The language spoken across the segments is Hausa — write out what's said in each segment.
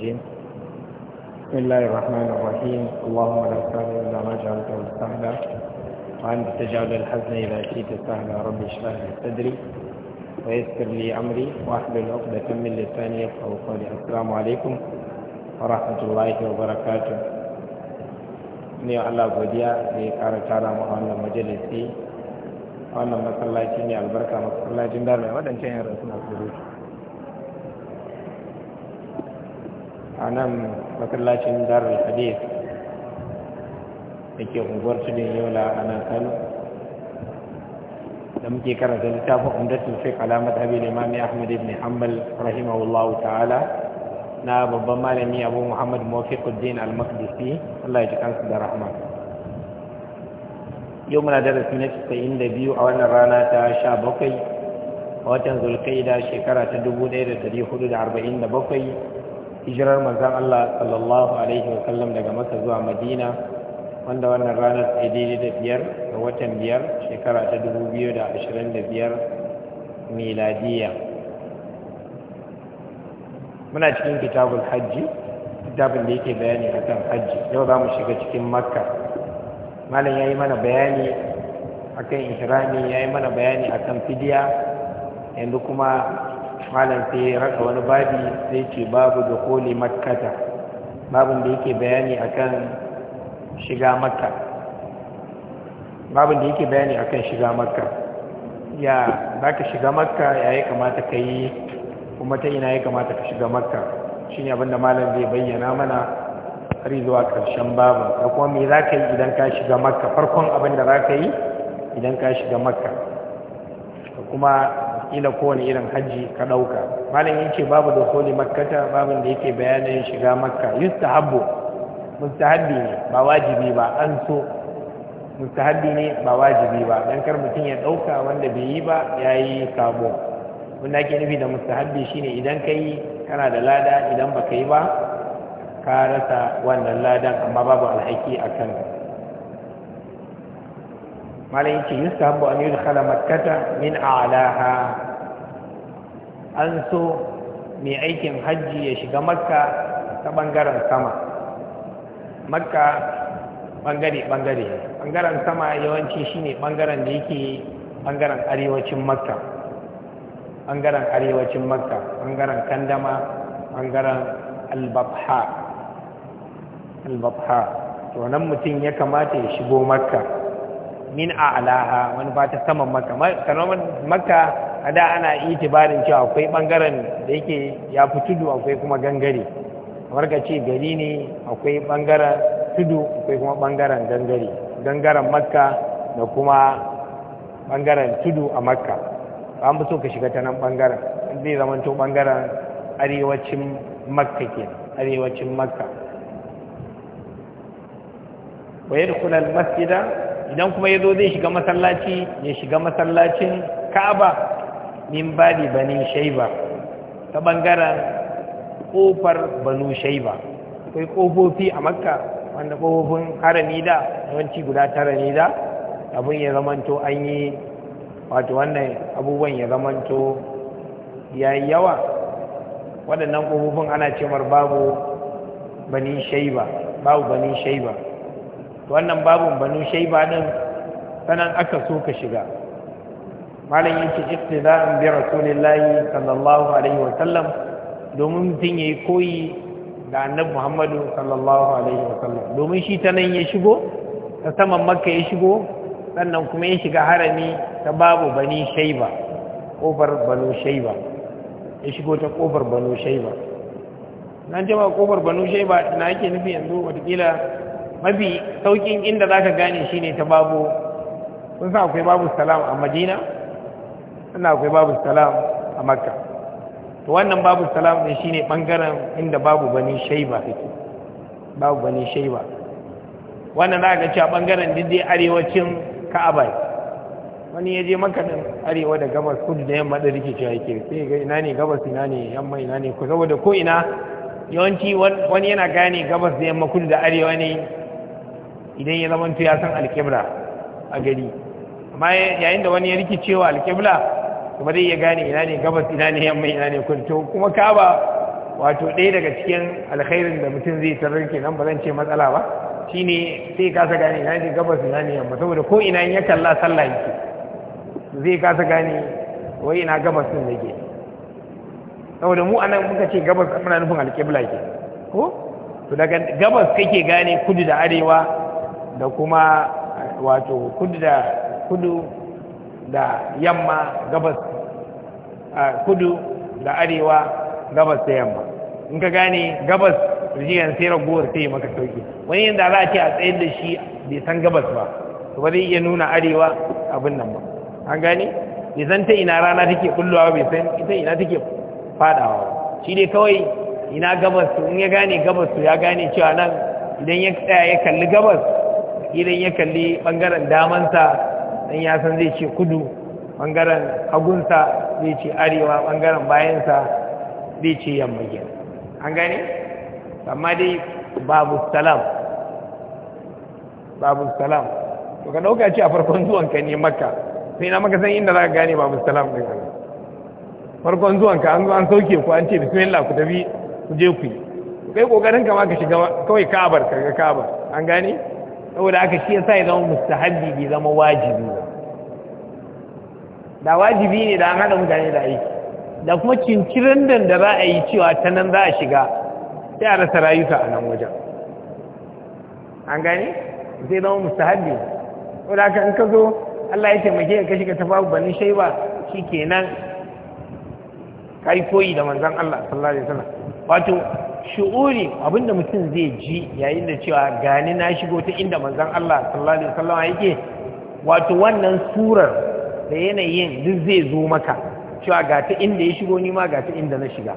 الرجيم بسم الله الرحمن الرحيم اللهم لا سهل إلا ما جعلته سهلا وأنت تجعل الحزن إذا شئت سهلا ربي اشرح لي صدري ويسر لي أمري وأحلل عقدة من لساني يفقهوا قولي السلام عليكم ورحمة الله وبركاته ni Allah godiya da ya ƙara tara mu a wannan majalisi wannan masallaci ne albarka masallacin darmai waɗancan yaran suna surutu a nan masallacin darul hadith da ke unguwar tudun yola a nan kano da muke karanta littafin umdatul fiqh alamat abi limami ahmad ibn hanbal rahimahullahu ta'ala na babban malami abu muhammad mafiquddin al-maqdisi Allah ya ji kansu da rahama yau muna darasi na casa'in da biyu a wannan rana ta sha bakwai a watan da shekara ta dubu ɗaya da da da ɗari arba'in bakwai hijirar manzan Allah sallallahu alaihi wasallam daga masa zuwa madina wanda wannan ranar ta daidai da biyar ga watan biyar shekara ta dubu biyu da ashirin da biyar miladiya muna cikin kitabul hajji kitabun da yake bayani a kan hajji yau za mu shiga cikin makka malam ya yi mana bayani a kan ihrami ya yi mana bayani a kan fidiya yanzu kuma malam sai ya raka wani babi sai ce babu da koli makkata babin da yake bayani akan shiga makka babin da yake bayani akan shiga makka ya za ka shiga makka ya yi kamata ka yi kuma ta ina ya kamata ka shiga makka shi ne abinda malam zai bayyana mana har zuwa ƙarshen babu da kuma me za ka yi idan ka shiga makka farkon abin da za ka yi idan ka shiga makka kuma ila kowane irin hajji ka ɗauka malam yake babu da soli makkata babin da yake bayanin shiga makka yustahabbu mustahabbi ne ba wajibi ba an so mustahabbi ne ba wajibi ba dan kar mutum ya ɗauka wanda bai yi ba ya yi sabo wanda ake nufi da mustahabbi shine idan ka yi kana da lada idan baka yi ba ka rasa wannan ladan amma babu alhaki a kanka malai yace yustahabbu an yudkhala makkata min a'laha an so mai aikin hajji ya shiga makka ta bangaren sama makka bangare bangare bangaren sama yawanci shine bangaren da yake bangaren arewacin makka bangaren arewacin makka bangaren kandama bangaren albabha albabha to nan mutum ya kamata ya shigo makka min a'laha wani ba ta saman makka kanoman makka a da ana tibarin cewa akwai bangaren da yake ya fi tudu akwai kuma gangare kamar ka ce gari ne akwai bangaren tudu akwai kuma bangaren gangare gangaren makka da kuma bangaren tudu a makka an mu so ka shiga ta nan bangaren zai to bangaren arewacin makka ke arewacin makka wa yadkhul al-masjida idan kuma ya zo zai shiga masallaci ya shiga masallacin kaba min bani bani shaiba ta bangaren kofar banu shaiba akwai kofofi a makka wanda kofofin harami da yawanci guda tara ne da abin ya zamanto an yi wato wannan abubuwan ya zamanto ya yi yawa waɗannan kofofin ana cewar babu bani shaiba babu bani shaiba wannan babun banu shaiba din sanan aka so ka shiga malam yake a bi rasulillahi sallallahu alaihi wa sallam domin mutum yayi koyi da annabi Muhammadu sallallahu alaihi wa sallam domin shi ta nan ya shigo ta saman makka ya shigo sannan kuma ya shiga harami ta babu bani shaiba kofar banu shaiba ya shigo ta kofar banu shaiba nan jama kofar banu shaiba na yake nufi yanzu watakila mafi saukin inda za ka gane shi ne ta babu kun sa akwai babu salam a madina sannan akwai babu salam a makka to wannan babu salam ne shi ne ɓangaren inda babu bani shaiba yake babu bani shaiba wannan za ka ci a ɓangaren diddi arewacin ka'aba wani ya je makanin arewa da gabas kudu da yamma ɗin rikici yake sai ga ina ne gabas ina ne yamma ina ne ku saboda ko ina yawanci wani yana gane gabas da yamma kudu da arewa ne idan ya zama ya san alkibla a gari amma yayin da wani ya rikicewa alkibla kuma zai iya gane ina ne gabas ina ne yamma ina ne kwanto kuma kaba wato ɗaya daga cikin alkhairin da mutum zai tarar nan ba zan ce matsala ba shine sai kasa gane ina ne gabas ina ne yamma saboda ko ina ya kalla sallah yake zai kasa gane wai ina gabas din yake saboda mu anan muka ce gabas muna nufin alƙibla ke ko to daga gabas kake gane kudu da arewa da kuma wato kudu da kudu da yamma gabas kudu da arewa gabas da yamma in ka gane gabas rijiyar sai ragowar sai maka sauki wani yadda za a ce a tsayar da shi bai san gabas ba to ba zai iya nuna arewa abin nan ba an gane bai san ta ina rana take kullowa bai san ita ina take fadawa shi dai kawai ina gabas in ya gane gabas to ya gane cewa nan idan ya tsaya ya kalli gabas idan ya kalli ɓangaren damansa dan ya san zai ce kudu ɓangaren hagunsa zai ce arewa ɓangaren bayansa zai ce yamma gina an gane amma dai babu salam babu salam to ka ɗauka ce a farkon zuwanka ne maka sai na maka san inda za ka gane babu salam ɗin ka farkon zuwanka an zo an sauke ku an ce bismillah ku tafi ku je ku yi kai kokarin ka ma ka shiga kawai kabar ka ga kabar an gane saboda aka shi sa ya zama mustahabbi bai zama wajibi ba da wajibi ne da an haɗa mutane da aiki da kuma cincirin da za a yi cewa ta nan za a shiga sai a rasa rayuka a nan wajen an gane zai zama mustahabbi saboda aka in ka zo Allah ya taimake ka shiga ta babu banin shaiba shi kenan kai koyi da manzan Allah sallallahu alaihi wasallam wato shu'uri abinda mutum zai ji yayin da cewa gani na shigo ta inda manzan Allah sallallahu alaihi wasallam yake wato wannan surar da yanayin duk zai zo maka cewa ga ta inda ya shigo ni ma ga ta inda na shiga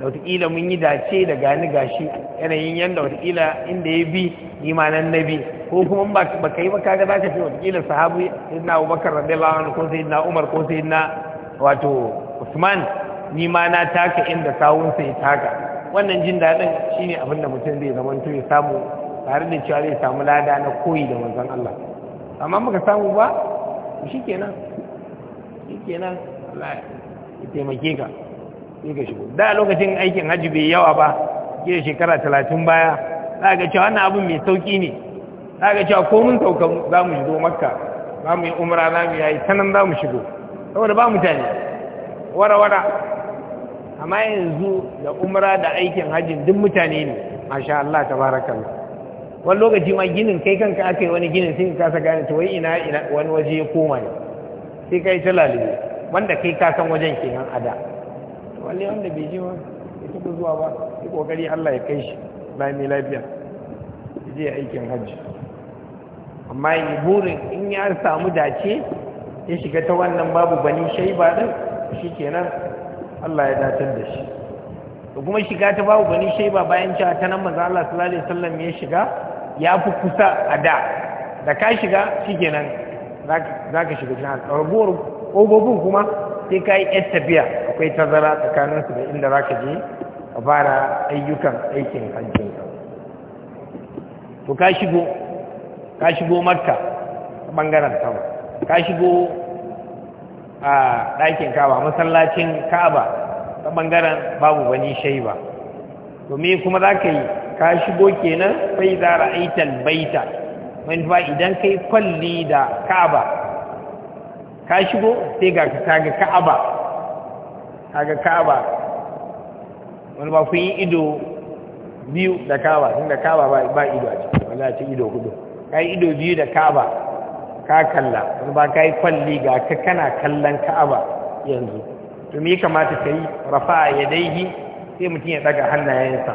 da wataƙila mun yi dace da gani gashi yanayin yadda wataƙila inda ya bi imanan nabi ko kuma ba ka yi ba kaga za ka ce wataƙila sahabu sayyidina abubakar radiyallahu anhu ko sayyidina umar ko sayyidina wato usman ni ma na taka inda sawunsa ya taka wannan jin daɗin shine abin da mutum zai zama to ya samu tare da cewa zai samu lada na koyi da manzon Allah amma muka samu ba shi shi shikenan Allah ya taimake ka shi ka shigo da lokacin aikin hajji bai yawa ba ke shekara talatin baya za ga cewa wannan abin mai sauƙi ne za ga cewa ko mun sauka za mu shigo makka za mu yi umra za mu yi ta nan za mu shigo saboda ba mutane wara-wara amma yanzu da umra da aikin hajjin duk mutane ne masha Allah tabarakallah wani lokaci ma ginin kai kanka aka yi wani ginin sai ka kasa gane to wai ina ina wani waje ya koma ne sai kai ta lalube wanda kai ka san wajen kenan ada. Wani wanda bai je wani ya taɓa zuwa ba sai kokari Allah ya kai shi mai lafiya je aikin hajji amma burin in ya samu dace ya shiga ta wannan babu bani shaiba din kenan Allah ya dace da shi to kuma shiga ta babu bani ba bayan cewa ta nan manzo Allah sallallahu alaihi wasallam ya shiga ya fi kusa a da da ka shiga shikenan za shiga jihar ragowar ƙogogin kuma sai ka yi yan tafiya akwai tazara tsakaninsu da inda zaka je a fara ayyukan aikin ka to ka shigo ka shigo makka bangaren sama ka shigo a ɗakin kaba masallacin kaba ta ɓangaren babu wani shaiba ba domin kuma za ka yi ka shigo kenan sai za ra'aitan baita manufa idan ka yi kwalli da kaba ka shigo sai ga ka ga kaba kaga kaba wani ba ku yi ido biyu da kaba tun da kaba ba ido a ciki wala ido hudu ka yi ido biyu da kaba ka kalla ba ka yi kwalli ga ka kana kallon ka'aba yanzu to me kamata ka yi rafa ya daihi sai mutum ya daga hannayensa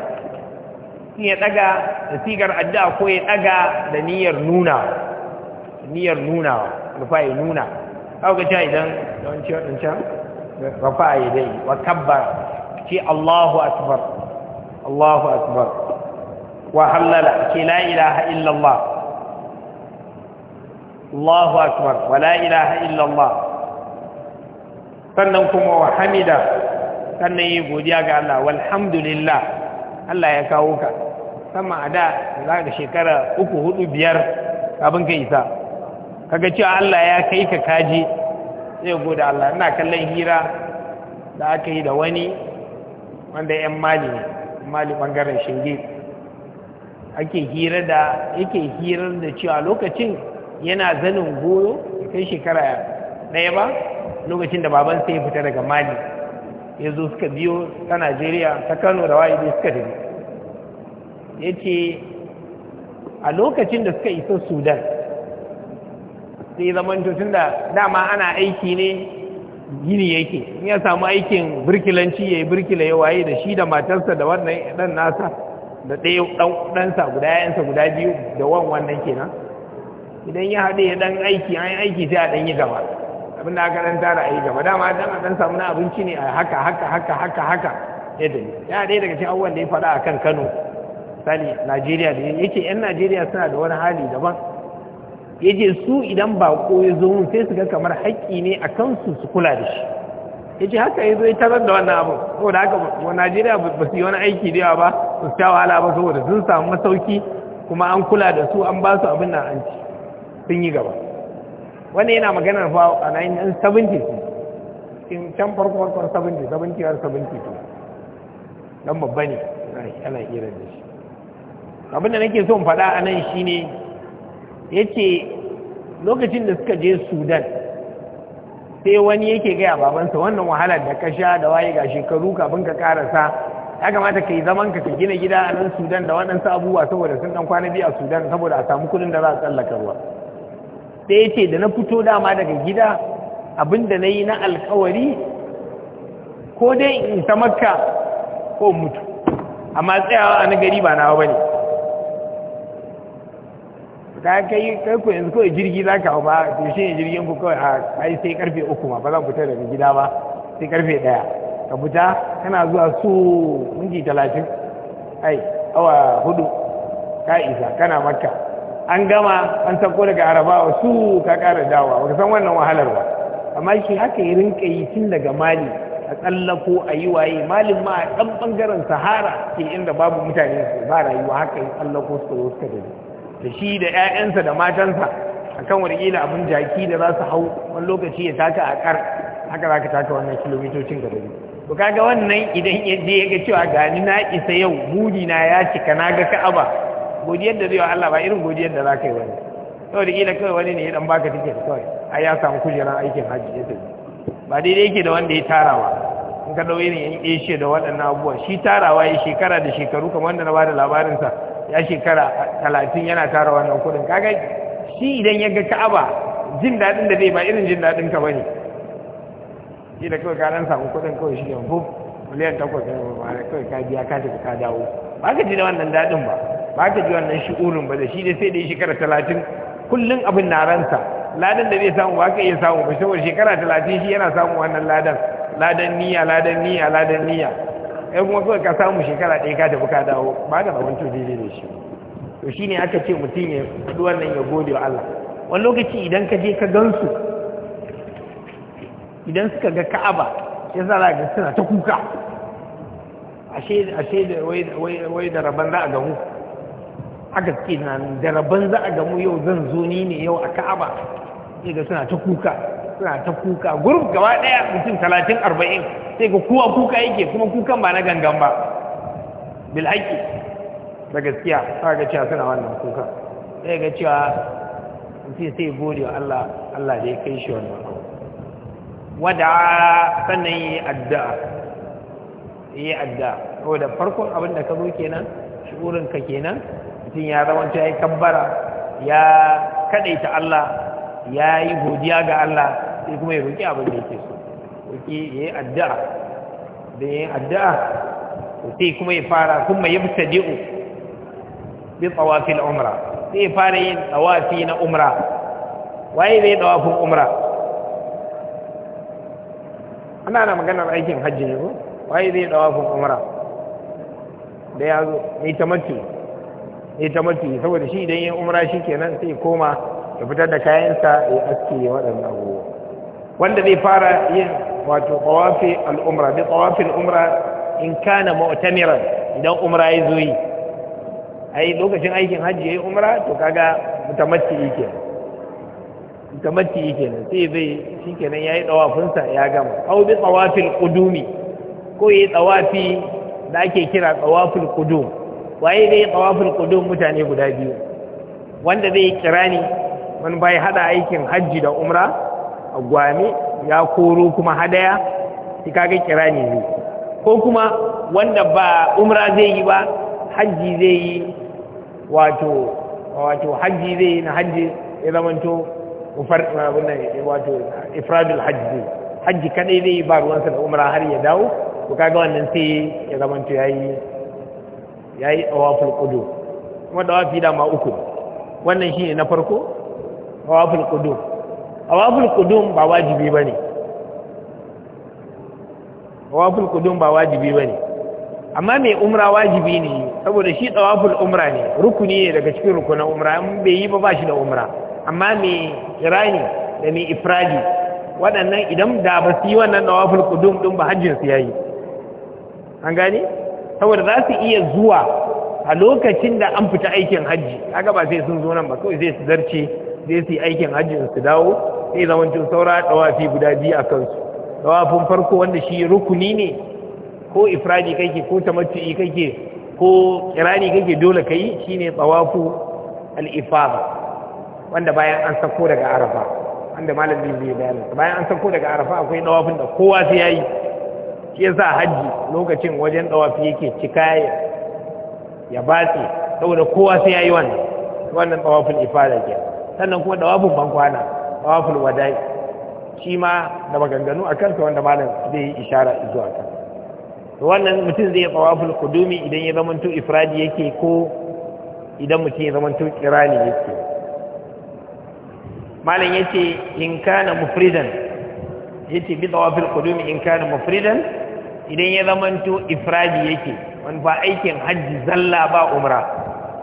mutum ya daga da sigar addu'a ko ya daga da niyyar nuna niyyar nuna rafa ya nuna hau ga cewa idan yawanci waɗancan rafa ya daihi wa kabbara ce Allahu akbar Allahu akbar wa halala ce la ilaha illallah Allahu akbar wala ilaha illallah sannan kuma wa hamida sannan yi godiya ga Allah walhamdulillah Allah ya kawo ka sama a da za ka shekara uku hudu biyar abin ka isa kaga cewa Allah ya kai ka kaji zai gode Allah ina kallon hira da aka yi da wani wanda 'yan mali ne mali bangaren shinge ake hira da yake hirar da cewa lokacin yana zanin goyo kai shekara ɗaya ba lokacin da baban sai ya fita daga mali ya zo suka biyo ta najeriya ta kano da waye suka tafi ya ce a lokacin da suka isa sudan sai zamanto tun da dama ana aiki ne gini yake in ya samu aikin birkilanci ya yi birkila ya waye da shi da matarsa da wannan ɗan nasa da ɗaya ɗansa guda yansa guda biyu da wan wannan kenan idan ya haɗe ya ɗan aiki an aiki sai a ɗan yi gaba abin da aka ɗan tara a yi gaba dama a ɗan samu na abinci ne a haka haka haka haka haka ya tafi ya ɗaya daga cikin abubuwan da ya faɗa a kan kano misali najeriya da ya ce 'yan najeriya suna da wani hali daban ya ce su idan baƙo ya zo mun sai su ga kamar haƙƙi ne a kansu su kula da shi ya ce haka ya zo ya tarar da wannan abin saboda haka wa najeriya ba su yi wani aiki da yawa ba su sha wahala ba saboda sun samu masauki kuma an kula da su an ba su abin nan an ci sun yi gaba wani yana maganar fa a 1970 in can farko farkon 70 70 har 72 don babba ne ana irin da shi abinda nake son faɗa a nan shi ya ce lokacin da suka je Sudan sai wani yake gaya babansa wannan wahalar da ka sha da waye ga shekaru kafin ka karasa ya kamata ka yi zaman ka ka gina gida a nan Sudan da waɗansu abubuwa saboda sun ɗan kwana biyu a Sudan saboda a samu kuɗin da za a tsallaka ruwa ya ce da na fito dama daga gida abinda na yi na alkawari ko dai in ta makka ko mutu amma tsayawa a nagari ba nawa ba ne ka kai karku yanzu kawai jirgi za ka hau ba to shi ne jirgin ku kawai a sai karfe uku ma ba za ku fita daga gida ba sai karfe daya ka fita kana zuwa su mungi talatin ai awa hudu ka isa kana makka an gama an sako daga arabawa su ka kara dawa baka san wannan wahalar ba amma shi haka ya rinka yi tun daga mali a tsallako a yi waye malin ma a ɗan ɓangaren sahara ke inda babu mutane su ba rayuwa haka ya tsallako su zo suka dade da shi da 'ya'yansa da matansa a kan wargila abin jaki da za su hau wani lokaci ya taka a ƙar haka za ka taka wannan kilomitocin gaba to kaga wannan idan ya je ya ga cewa gani na isa yau buri na ya cika na ga ka'aba godiyar da zai wa Allah ba irin godiyar da za ka yi wani da ƙila kawai wani ne ya dan baka tiket kawai a ya samu kujerar aikin hajji ya tafi ba daidai yake da wanda ya tarawa in ka dau irin ya Asia da waɗannan abubuwa shi tarawa ya shekara da shekaru kamar wanda na bada labarinsa ya shekara talatin yana tara wannan kuɗin kaga shi idan ya ga Ka'aba jin daɗin da zai ba irin jin daɗin ka ne shi da kawai ka ɗan samu kuɗin kawai shi ne miliyan takwas ne ba kawai ka biya ka tafi ka dawo ba ka ji da wannan daɗin ba ba ka ji wannan shi'urin ba da shi dai sai da shekara talatin kullum abin na ransa ladan da zai samu ba ka iya samu ba saboda shekara talatin shi yana samun wannan ladan ladan niyya ladan niyya ladan niyya ai kuma kawai ka samu shekara ɗaya ka tafi ka dawo ba da rabon to daidai da shi to shi ne aka ce mutum ya faɗi wannan ya gode wa Allah wani lokaci idan ka je ka gansu idan suka ga ka'aba ya zara ga suna ta kuka ashe da wai da rabon za a gamu aka ce na da rabon za a gamu yau zan zo ni ne yau a ka'aba sai ga suna ta kuka suna ta kuka gurb gaba daya mutum talatin arba'in sai ga kowa kuka yake kuma kukan ba na gangan ba bil haƙi da gaskiya sai ga cewa suna wannan kuka sai ga cewa sai sai gode wa Allah Allah da ya kai shi wannan wada sannan yi addu'a yi addu'a ko da farkon abin da ka zo kenan shi'urinka kenan mutum ya rawanci ya yi kabbara ya kadaita Allah ya yi godiya ga Allah sai kuma ya roƙi abin da yake so roƙi ya yi addu'a da ya yi addu'a sai kuma ya fara kuma ya fi sadi'u bi tsawafi na umra sai ya fara yin tsawafi na umra waye zai tsawafin umra ana na maganar aikin hajji ne ko waye zai tsawafin umra da ya zo mai tamattu ya ta mafi saboda shi idan ya umra shi kenan sai koma ya fitar da kayansa ya aske waɗannan abubuwa wanda zai fara yin wato tawafi al'umra bi tawafi umra in kana mu'tamiran idan umra ya zo yi a yi lokacin aikin hajji yayi umra to kaga mutamatti yake mutamatti yake sai zai shi kenan ya yi tsawafinsa ya gama au bi tsawafin qudumi ko ya yi tsawafi da ake kira tsawafin qudum waye zai tawaful qudum mutane guda biyu wanda zai kirani man bai hada aikin hajji da umra agwami ya koro kuma hadaya shi kaga kirani ne ko kuma wanda ba umra zai yi ba hajji zai yi wato wato hajji zai yi na hajji ya zamanto wato ifradul hajji hajji kadai zai yi ba ruwansa da umra har ya dawo to kaga wannan sai ya to yayi ya yi tsawafin ƙudu kuma tsawafi dama uku wannan shi ne na farko tsawafin ƙudu tsawafin ƙudu ba wajibi ba ne tsawafin ƙudu ba wajibi ba ne amma mai umra wajibi ne saboda shi tsawafin umra ne rukuni ne daga cikin rukunan umra in bai yi ba ba shi da umra amma mai irani da mai ifradi waɗannan idan da ba su yi wannan tsawafin ƙudu ɗin ba hajjinsu ya yi an gani saboda za su iya zuwa a lokacin da an fita aikin hajji haka ba sai sun zo nan ba kawai zai su zarce zai su yi aikin hajjin su dawo sai zamancin saura dawafi guda biyu a kansu dawafin farko wanda shi rukuni ne ko ifradi kake ko tamattu'i kake ko kirani kake dole kai shine tsawafu al-ifada wanda bayan an sako daga arafa wanda malam zai bayan an sako daga arafa akwai dawafin da kowa sai yayi shi yasa hajji lokacin wajen dawafi yake cika ya batsi saboda kowa sai yayi wannan wannan dawafin ifada ke sannan kuma dawafin bankwana dawafin wadai shi ma da maganganu a kansa wanda malam zai yi ishara zuwa kan to wannan mutum zai yi dawafin kudumi idan ya zama zamanto ifradi yake ko idan mutum ya zama zamanto kirani yake malam yace in kana mufridan yace bi dawafil kudumi in kana mufridan idan ya zamanto ifradi yake manufa aikin hajji zalla ba umra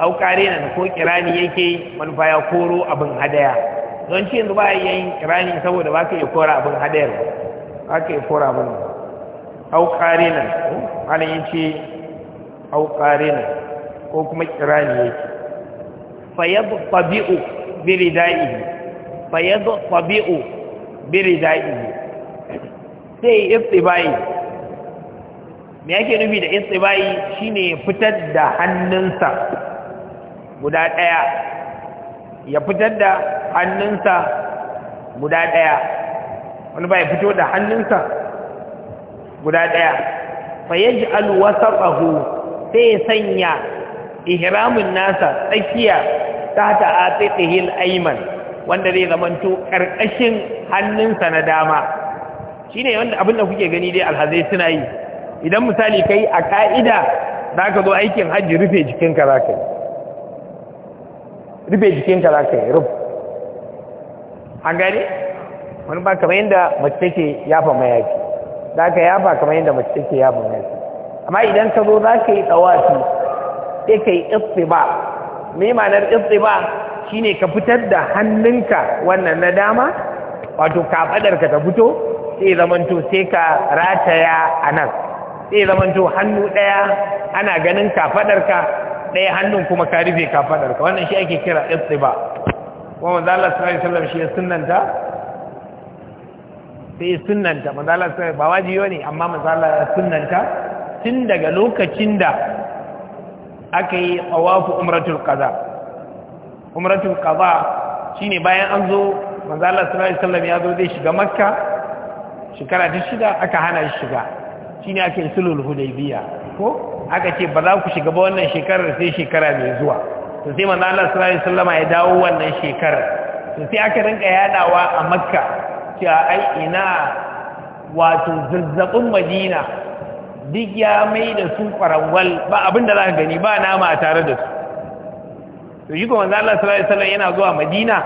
au karinan ko kirani yake manufa ya koro abin hadaya don ci yanzu ba ya yin kirani saboda ba ka iya kora abin hadayar ba ka iya kora abin au karinan malam ya ce au karinan ko kuma kirani yake fayyadu tabi'u birida'ihi fayyadu tabi'u birida'ihi sai iftibai me yake nufi da istibai shine fitar da hannunsa guda daya ya fitar da hannunsa guda daya wani ba ya fito da hannunsa guda daya fa yaj'al wasaqahu sai sanya ihramin nasa tsakiya tahta atiqihil ayman wanda zai zamanto karkashin hannunsa na dama shine wanda abin da kuke gani dai alhazai suna yi idan misali kai a ka'ida za ka zo aikin hajji rufe jikinka za ka yi rufe jikinka za ka yi rufe a gari wani ba kamar yadda mace take yafa mayafi za ka yafa kamar yadda mace take yafa mayafi amma idan ka zo za ka yi tsawafi sai ka yi ba, mai manar ba shine ka fitar da hannunka wannan na dama wato kafadarka ta fito sai zamanto sai ka rataya a nan sai zamanto hannu ɗaya ana ganin kafaɗarka ɗaya hannun kuma ka rufe kafaɗarka wannan shi ake kira istiba kuma manzala sallallahu alaihi wasallam shi ya sunnanta sai ya sunnanta manzala sallallahu ba wajibi ne amma manzala ya sunnanta tun daga lokacin da aka yi tawafu umratul qaza umratul qaza shine bayan an zo manzala sallallahu alaihi wasallam ya zo zai shiga makka shekara ta shida aka hana shi shiga ne ake sulul hudaibiya ko aka ce ba za ku shiga ba wannan shekarar sai shekara mai zuwa to sai manzo Allah sallallahu alaihi wasallama ya dawo wannan shekarar to sai aka rinka yadawa a makka cewa ai ina wato zazzabin madina duk ya mai da su farawal ba abinda za ka gani ba nama a tare da su to yi kuma manzo Allah sallallahu alaihi wasallam yana zuwa madina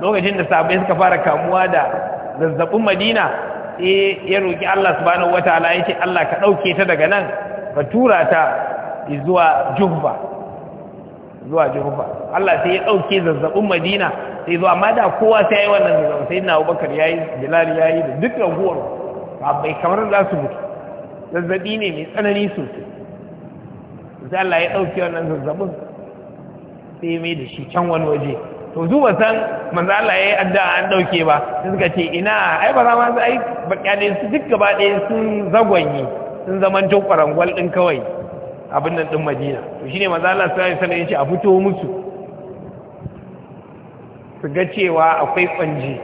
lokacin da sahabbai suka fara kamuwa da zazzabin madina E ya roki Allah subhanahu wataala yace Allah ka dauke ta daga nan ka tura ta zuwa Juhfa zuwa Juhfa Allah sai ya dauke zazzaɓin Madina sai zuwa amma da kowa sai yayi wannan zazzabin sai na Abubakar yayi Bilal yayi da duk raguwar bai kamar za su mutu zazzabi ne mai tsanani sosai sai Allah ya dauke wannan zazzabin sai mai da shi can wani waje to su ba san manzo Allah yayi addu'a an dauke ba sai suka ce ina ai ba za ma su ai ne su duk gaba ɗaya sun zagwanye sun zaman to kwarangwal din kawai abin nan din Madina to shine manzo Allah sai ya sani ya a fito musu su ga cewa akwai kwanji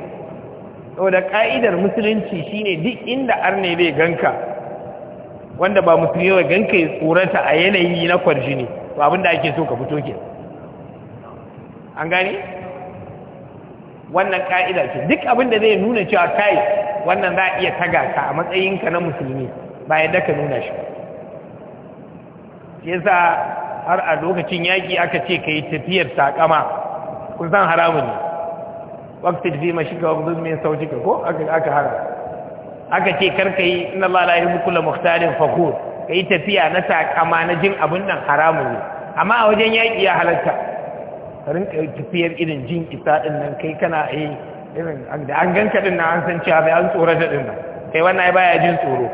saboda ka'idar musulunci shine duk inda arne bai ganka wanda ba musulmi ba ganka ya tsorata a yanayi na kwarjini to abin da ake so ka fito ke an gane wannan ka'ida ce duk abin da zai nuna cewa kai wannan za a iya taga ka a matsayinka na musulmi ba yadda ka nuna shi shi yasa har a lokacin yaƙi aka ce ka yi tafiyar saƙama kun san haramun ne waktin fi mashi ga wanzu mai sauci ka ko aka haram aka ce karka yi ina Allah la yuhibbu kullu mukhtalin fakhur ka yi tafiya na saƙama na jin abin nan haramun ne amma a wajen yaƙi ya halatta rinka tafiyar irin jin isa din nan kai kana yi irin da an ganka din na an san cewa bai an tsoro da din nan kai wannan ai baya jin tsoro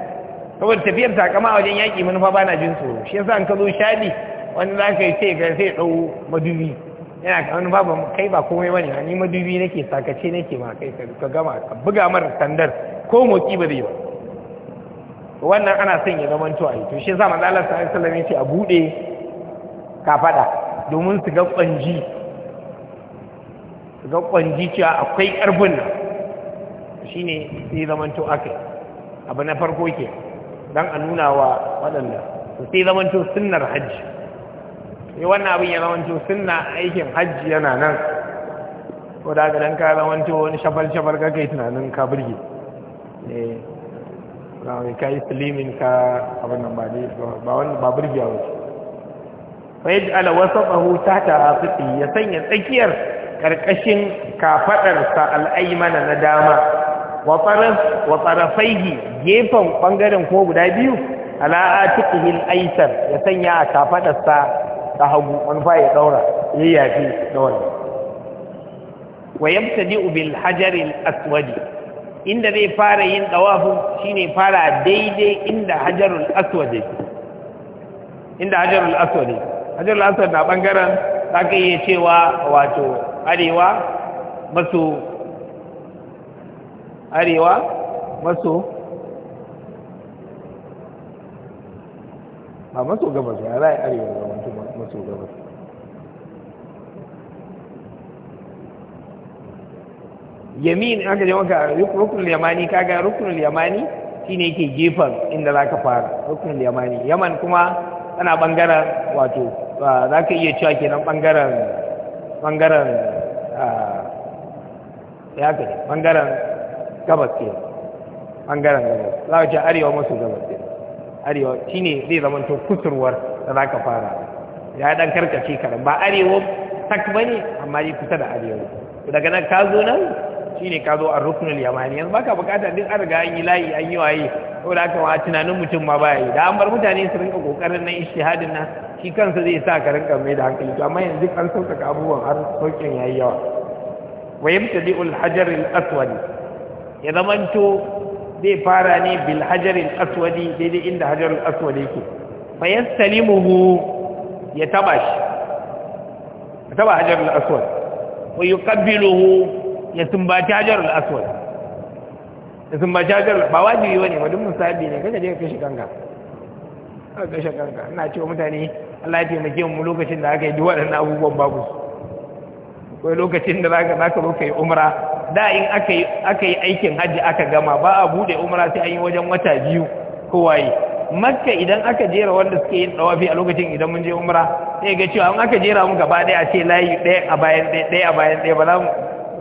saboda tafiyar takama wajen yaƙi mun fa bana jin tsoro shi yasa an ka zo shadi wani za ka yi ce ga sai ɗau madubi yana wani babu kai ba komai bane ni madubi nake sakace nake ma kai ka gama ka buga mar sandar ko motsi ba zai ba wannan ana son ya zama to ai to shi yasa manzo Allah sallallahu alaihi wasallam yace a buɗe. ka fada domin su ga ƙwanji su ga ƙwanji cewa akwai ƙarfin nan shi ne sai zamanto aka abu na farko ke don a nuna wa waɗanda su sai zamanto sunnar hajji sai wannan abin ya zamanto sunna aikin hajji yana nan ko da ga ka zamanto wani shafar-shafar ka kai tunanin ka birge ne eh, ka yi silimin ka abin nan ba a wuce fa yaj'ala wasatahu tahta hafiqi ya sanya tsakiyar karkashin kafaɗarsa al'aymana na dama wa taraf wa tarafaihi gefen bangaren ko guda biyu ala atiqihi al-aysar ya sanya a kafaɗarsa ta hagu wani fa ya daura yayyafi da wannan wa yabtadi'u bil hajar al-aswad inda zai fara yin dawafin shine fara daidai inda hajarul aswad inda hajarul aswad hajjar asar na bangaren za ka iya cewa wato arewa maso arewa maso ba maso gabas ya za a arewa ga wancan maso gabas yamin aka je maka rukun yamani kaga rukun yamani ne ke gefen inda za ka fara rukun yamani yaman kuma tana bangaren wato za ka iya cewa kenan ɓangaren ɓangaren ya gani ɓangaren gabas ke ɓangaren gabas za ka ce arewa masu gabas ke arewa shi ne zai zama to kusurwar da za ka fara ya ɗan karkace karan ba arewa tak ba ne amma yi kusa da arewa daga nan ka zo nan shi ne ka zo a rukunin yamani yanzu ba ka bukata duk an riga an yi layi an yi waye saboda haka ma tunanin mutum ma ba yi da an bar mutane su rinka kokarin nan ishihadin nan shi kansa zai sa ka rinka mai da hankali to amma yanzu an sauƙaƙa abubuwan har sauƙin yi yawa wa yamtadi'ul ul al aswadi ya zamanto zai fara ne bil hajar aswadi daidai inda hajar al yake fa yastalimuhu ya taba shi ya taba hajar al-aswad wa yuqabbiluhu ya sumbaci hajar al-aswad ya sumbaci hajar ba wajibi bane ba duk musabi ne kaje ka kashi kanka a gashe kanka ina cewa mutane Allah ya taimake mu lokacin da aka yi duk waɗannan abubuwan babu akwai lokacin da zaka zaka zo kai umra da in aka yi aka yi aikin hajji aka gama ba a bude umra sai an yi wajen wata biyu ko waye makka idan aka jera wanda suke yin dawafi a lokacin idan mun je umra sai ga cewa an aka jera mu gaba daya a ce layi ɗaya a bayan ɗaya ɗaya a bayan ɗaya ba za mu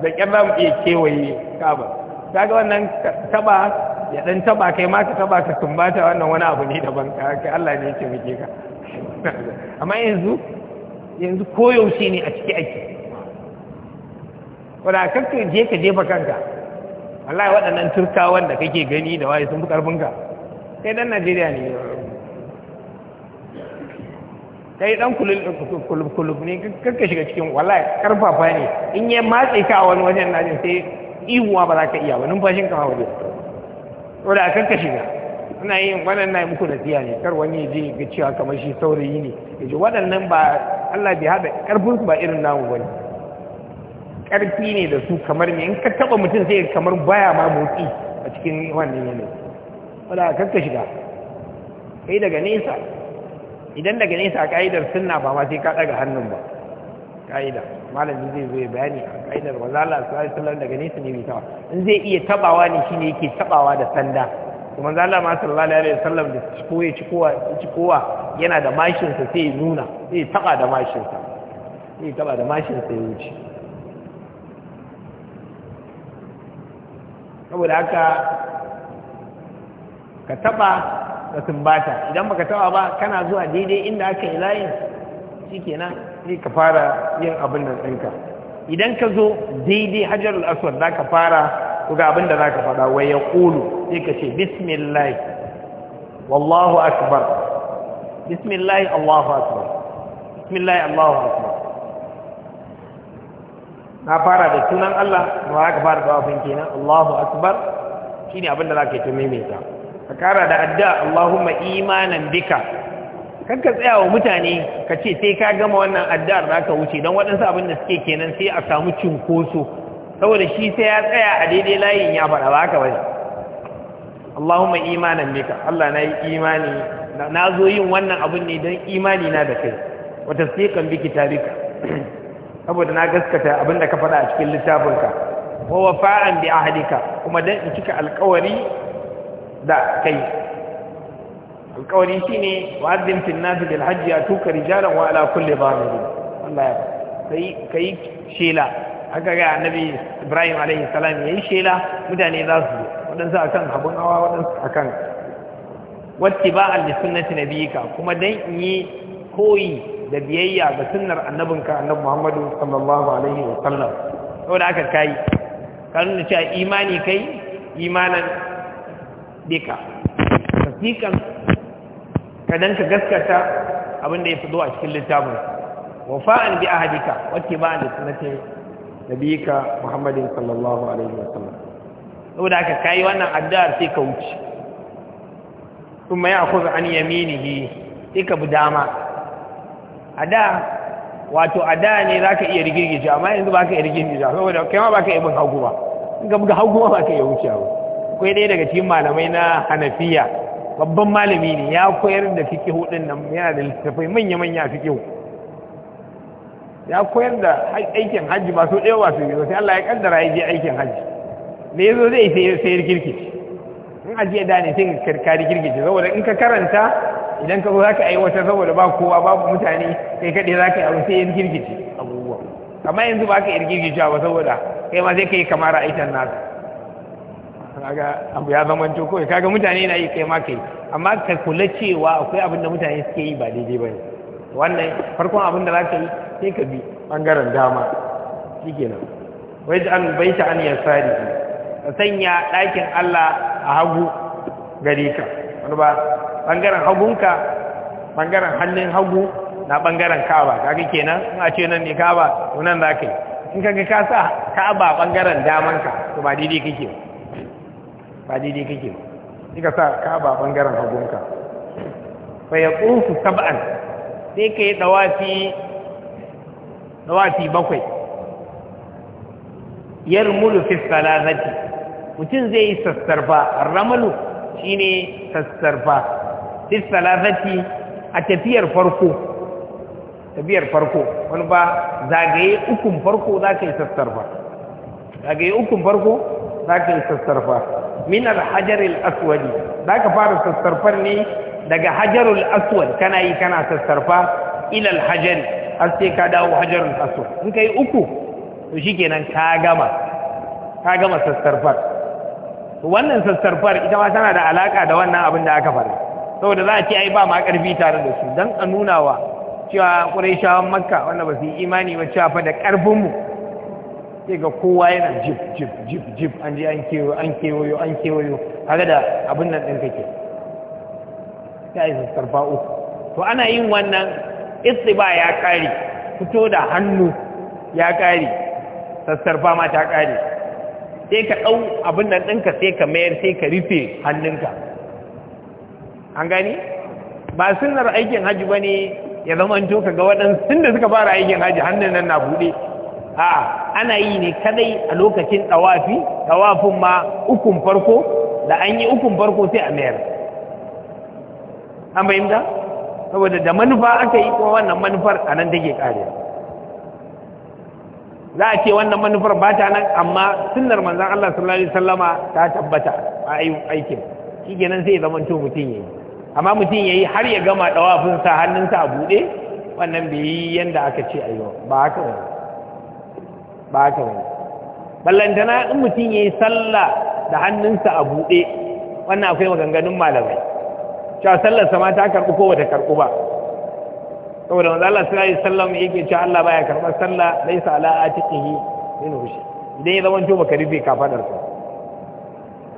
da kyar za mu iya kewaye kaba kaga wannan taba ya dan taba kai ma ka taba ka tumbata wannan wani abu ne daban ka kai Allah ne yake muke ka amma yanzu yanzu koyaushe ne a ciki ake wanda kakka je ka jefa kanka wallahi waɗannan turkawan da kake gani da waye sun fi karfin ka kai dan Najeriya ne kai dan kulub kulub ne kakka shiga cikin wallahi karfafa ne in ya matse ka a wani wajen na sai ihuwa ba za ka iya ba numfashin ka ma waje wadda a kanka shiga ina yin waɗannan ya muku nasiya ne kar wani ji ga cewa kamar shi saurayi ne ya ji waɗannan ba Allah bai haɗa su ba irin namu ba ne ƙarfi ne da su kamar ne in ka taɓa mutum sai kamar baya ma motsi a cikin wannan yanayi wadda a kanka shiga kai daga nesa idan daga nesa ka'idar sunna ba ma sai ka ɗaga hannun ba ka'idar malami zai zo ya bayani a kaidar manzo Allah su ayi sallar daga nesa ne bai tawa in zai iya tabawa ne shi ne yake tabawa da sanda to manzo Allah ma sallallahu alaihi wasallam da ciko ya cikowa cikowa yana da mashinsa sa sai ya nuna ya taba da mashinsa sai ya taba da mashinsa ya wuce saboda haka ka taba da sumbata idan baka taba ba kana zuwa daidai inda aka yi layin kenan sai ka fara yin abin da ɗinka idan ka zo daidai hajjar al'aswar za ka fara kuga abin da za ka faɗa wai ya ƙulu sai ka ce bismillah wallahu akbar bismillah allahu akbar bismillah allahu akbar na fara da sunan Allah ba za ka fara da tawafin kenan allahu akbar shine abin da za ka yi ta maimaita ka kara da addu'a allahumma imanan bika kan ka tsaya wa mutane ka ce sai ka gama wannan addu'ar za ka wuce don waɗansu abin da suke kenan sai a samu cinkoso saboda shi sai ya tsaya a daidai layin ya faɗa ba haka bane Allahumma imanan bika Allah na imani na zo yin wannan abin ne don imani na da kai wa tasdiqan bi kitabika saboda na gaskata abin da ka faɗa a cikin littafinka wa wafa'an bi ahdika kuma dan in cika alƙawari da kai alƙawari ne wa azzin fil nas bil hajji atuka rijalan wa ala kulle ba kulli dhamir Allah ya kai kai shela aka ga annabi Ibrahim alaihi salam ya yi shela mutane za su wadansu akan abun hawa wadansu akan wattiba'an li sunnati nabiyika kuma dan in yi koyi da biyayya ga sunnar annabinka annabi Muhammadu sallallahu alaihi wa sallam saboda aka kai kan cewa imani kai imanan bika tafikan kadan ka gaskata abin da ya fito a cikin littafin wafa'an bi ahadika wacce ba da sunnati nabiyika muhammadin sallallahu alaihi wasallam saboda aka kai wannan addu'ar sai ka wuce kuma a kusa an yaminihi sai ka bi dama a da wato a da ne za ka iya rigirgije amma yanzu ba ka iya rigirgije saboda kai ma ba ka iya bin hagu ba in ka buga hagu ma ba ka iya wuce ba akwai ɗaya daga cikin malamai na hanafiya babban malami ne ya koyar da fikihu hudun nan yana da littafai manya-manya fikihu ya koyar da aikin hajji ba su ɗaya ba su biyu sai Allah ya kaddara ya je aikin hajji da ya zo zai sayar kirkici in ajiye da ne sai ka kari kirkici saboda in ka karanta idan ka zo za ka aiwatar saboda ba kowa babu mutane kai kaɗai za ka yi abu sai yin kirkici abubuwa amma yanzu ba ka yi kirkici ba saboda kai ma zai ka yi kamar aikin nasu. kaga abu ya zama to kawai kaga mutane na yi kai ma kai amma ka kula cewa akwai abin da mutane suke yi ba daidai ba ne wannan farkon abin da za ka yi sai ka bi bangaren dama shi nan wai an bai ta an yasari ka sanya ɗakin Allah a hagu gare ka wani ba bangaren hagunka bangaren hannun hagu na bangaren kaba kaga kenan in a ce nan ne kaba nan za ka yi in kaga ka sa kaba bangaren damanka to ba daidai kake ba ba daidai kake ba suka sa kaba bangaren hagunka fa ya ƙunfu sab'an sai ka yi dawafi bakwai yar fi salalati mutum zai yi sassarfa ramalu shi ne sassarfa fi salalati a tafiyar farko tafiyar farko wani ba zagaye ukun farko za ka yi sassarfa zagaye ukun farko za ka yi sassarfa min alhajaril aswadi za ka fara sassarfar ne daga hajarul aswad kana yi kana sassarfa ilal hajari har sai ka dawo hajarul aswad in ka yi uku to shi kenan ka gama ka gama sassarfar wannan sassarfar ita ma tana da alaka da wannan abin da aka faru saboda za a ce ai ba ma ƙarfi tare da su don a nuna wa cewa ƙuraishawan makka wanda ba su yi imani ba cewa fa da ƙarfinmu sai ga kowa yana jif jif jif jif an ji an kewayo an kewayo an kewayo Haga da abin nan ɗin kake ta yi sassarfa uku to ana yin wannan istiba ya ƙare fito da hannu ya ƙare sassarfa ma ta ƙare sai ka ɗau abin nan ɗinka sai ka mayar sai ka rufe hannunka an gani ba sunar aikin hajji ba ne ya zama to ka ga waɗansu tun da suka fara aikin hajji hannun nan na buɗe a ana yi ne kadai a lokacin tawafi tawafin ma ukun farko da an yi ukun farko sai a mayar an fahimta saboda da manufa aka yi kuma wannan manufar a nan take kariya za a ce wannan manufar ba ta nan amma sunnar manzan Allah sallallahu alaihi wasallama ta tabbata a aikin shi kenan sai ya zama mutum ya yi amma mutum ya yi har ya gama ɗawafinsa hannunsa a buɗe wannan bai yi yadda aka ce a yi ba haka wani Ba ka wani ballantana in mutum ya yi sallah da hannunsa a buɗe wannan akwai maganganun malamai cewa sallar ma ta karɓi ko wata karɓi ba saboda wanzu Allah yi alaihi wasallam yake cewa Allah baya karɓar sallah sa ala atiqihi na rushi idan ya zama to ka rufe kafadar ka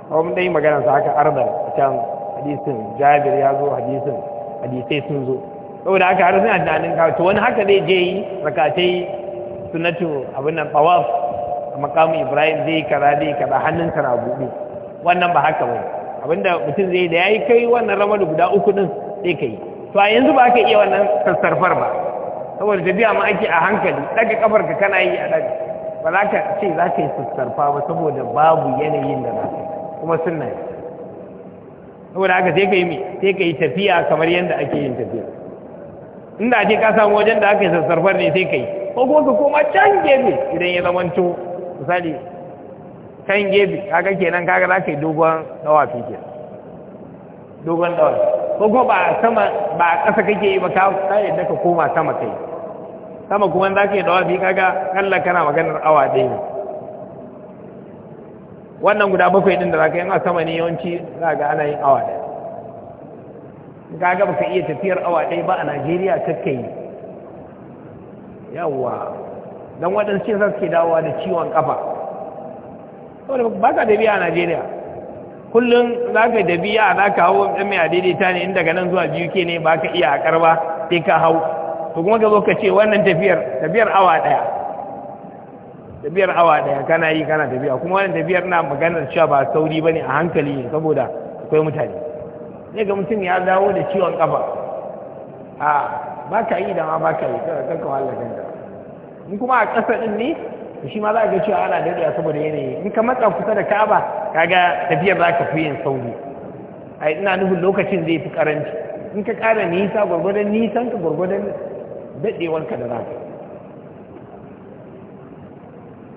ko mun ɗanyi magana sa haka a can hadisin Jabir ya zo hadisin hadisai sun zo saboda haka har suna tunanin ka to wani haka zai je yi yi sunatu abin nan tawaf makamu ibrahim zai kara zai kara hannun sa na buɗe wannan ba haka bane abinda mutum zai da yayi kai wannan ramadu guda uku din sai kai to a yanzu ba ka iya wannan sassarfar ba saboda tafiya ma ake a hankali daga kafar ka kana yi a daga ba za ka ce za ka yi sassarfa ba saboda babu yanayin da za ka kuma sunna saboda haka sai ka yi sai ka yi tafiya kamar yadda ake yin tafiya inda ake ka samu wajen da aka yi sassarfar ne sai ka yi ko kuma ka koma can gefe idan ya zamanto misali kan gefe kaga kenan kaga za ka yi dogon dawafi ke dogon dawafi ko kuma ba sama ba a kake yi ba ka yadda ka koma sama kai sama kuma za ka yi dawafi kaga kalla kana maganar awa ɗaya ne wannan guda bakwai ɗin da za ka yi a sama ne yawanci za ga ana yin awa ɗaya kaga baka iya tafiyar awa ɗaya ba a Najeriya kai yawa don waɗansu cin suke dawowa da ciwon ƙafa saboda ba ka dabiya a najeriya kullum za ka dabiya za ka hau ɗan mai ta ne in daga nan zuwa biyu ke ne ba ka iya a karba sai ka hau to kuma ka zo ka ce wannan tafiyar tafiyar awa ɗaya tafiyar awa ɗaya kana yi kana tafiya kuma wannan tafiyar na maganar cewa ba sauri ba ne a hankali ne saboda akwai mutane ne ga mutum ya dawo da ciwon ƙafa a ba ka yi da ma ba ka yi kada ka wahala kanka in kuma a ƙasa din ne to shi ma za ka ga cewa ana daidaiwa saboda yanayi in ka matsa kusa da Ka'aba kaga tafiyar za ka fi yin sauri ai ina nufin lokacin zai fi karanci in ka ƙara nisa gwargwadon nisan ka gwargwadon ka da za ka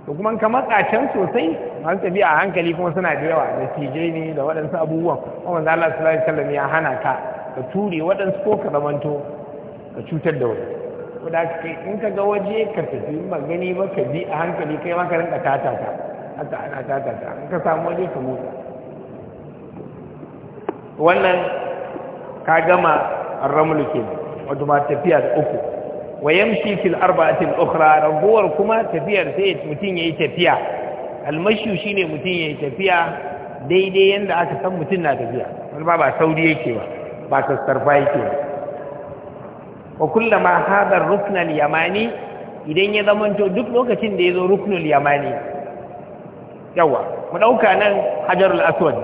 to kuma ka matsa can sosai masu tafiya a hankali kuma suna da yawa da tijai ne da waɗansu abubuwan kuma manzo Allah sallallahu alaihi wasallam ya hana ka ka ture waɗansu ko ka zamanto ka cutar da wani kuda kai in ka ga waje ka tafi ba ba ka bi a hankali kai ma ka rinka tatata haka ana tatata in ka samu waje ka motsa wannan ka gama ramul ke wato ma tafiya da uku wa yamshi fil arba'atin ukhra rabuwar kuma tafiyar sai mutum yayi tafiya almashu shine mutum yayi tafiya daidai yanda aka san mutum na tafiya wani ba ba sauri yake ba ba sassarfa yake ba wa kullama hadar ruknal yamani idan ya zamanto duk lokacin da ya zo ruknul yamani yawa mu ɗauka nan hajarul aswad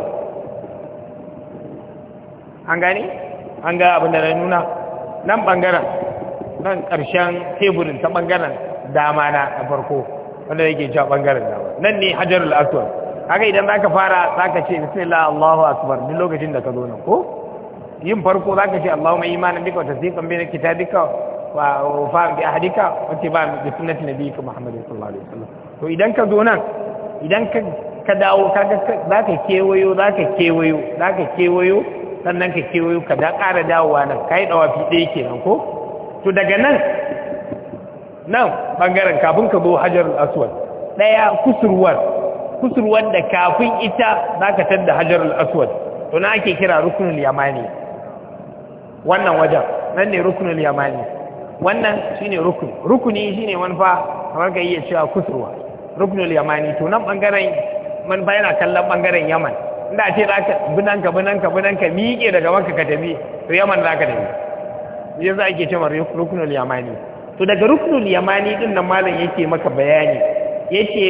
an gane an ga abin da na nuna nan ɓangaren nan ƙarshen teburin ta ɓangaren dama na a farko wanda yake cewa ɓangaren dama nan ne hajarul aswad haka idan za ka fara za ka ce bismillah allahu akbar duk lokacin da ka zo nan ko yin farko za ka ce Allahumma imanin bika wata zikan bai na kita duka wa fa'ar bi ahadika wace ba da sunnati na biyu Muhammadu sallallahu alaihi wasallam to idan ka zo nan idan ka dawo za ka kewayo za ka kewayo za ka kewayo sannan ka kewayo ka da ƙara dawowa nan ka yi ɗawafi ɗaya kenan ko to daga nan nan ɓangaren kafin ka zo hajar aswad ɗaya kusurwar kusurwar da kafin ita za ka tadda hajar aswad to na ake kira rukunin yamani wannan wajen nan ne rukunin yamani wannan shine rukun rukuni shine manfa kamar ka iya cewa kusurwa rukunin yamani to nan bangaren manfa yana kallon bangaren yaman inda ce za ka binanka binanka binanka miƙe daga maka ka tafi to yaman za ka tafi ya za a ke cewa rukunin yamani to daga rukunin yamani din nan malam yake maka bayani yake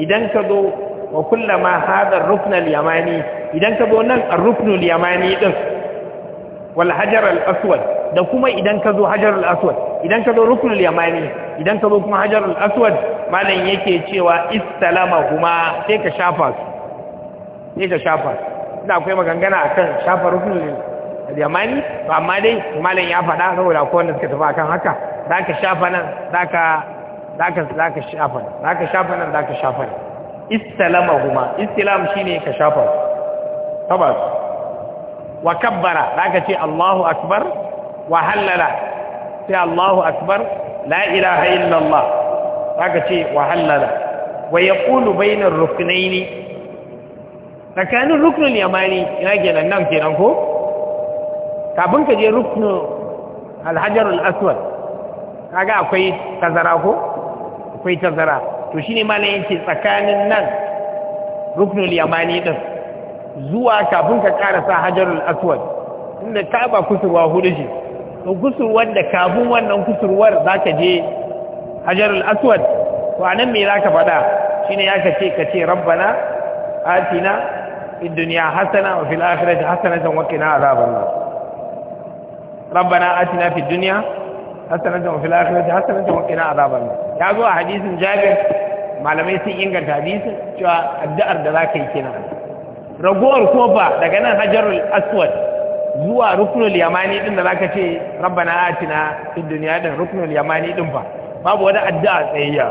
idan ka zo wa kullama hadar rukunin yamani idan ka zo nan a rukunul yamani din wal hajar aswad da kuma idan ka zo hajar al aswad idan ka zo ruknul yamani idan ka zo kuma hajar al aswad malam yake cewa istalama kuma sai ka shafa sai ka shafa ina akwai magangana akan shafa ruknul yamani to amma dai malam ya faɗa saboda akwai wanda suka tafi akan haka za ka shafa nan zaka zaka zaka shafa ka shafa nan za ka shafa istalama kuma istilam shine ka shafa su tabbas wa kabbara zaka ce Allahu akbar wa hallala sai Allahu akbar la ilaha illallah zaka ce wa hallala wa yaqulu bainar ruknaini tsakanin ruknul yamani ina kenan nan kenan ko kafin ka je ruknul alhajarul aswad kaga akwai tazara ko akwai tazara to shine malamin yake tsakanin nan ruknul yamani din zuwa kafin ka karasa hajarul aswad inda kaba kusurwa hudu ce to kusurwar da kafin wannan kusurwar za ka je hajarul aswad to a nan me za ka faɗa shi ne ya ka ce ka ce rabbana atina fi duniya hasana wa fil akhirati hasanatan wa qina azaban nar rabbana atina fid dunya hasanatan wa fil akhirati hasanatan wa qina azaban nar ya zo a hadisin jabir malamai sun inganta hadisin cewa addu'ar da za ka yi kenan ragowar kofa daga nan hajarul aswad zuwa ruknul yamani din da zaka ce rabbana atina fid dunya din ruknul yamani din ba babu wani addu'a tsayayya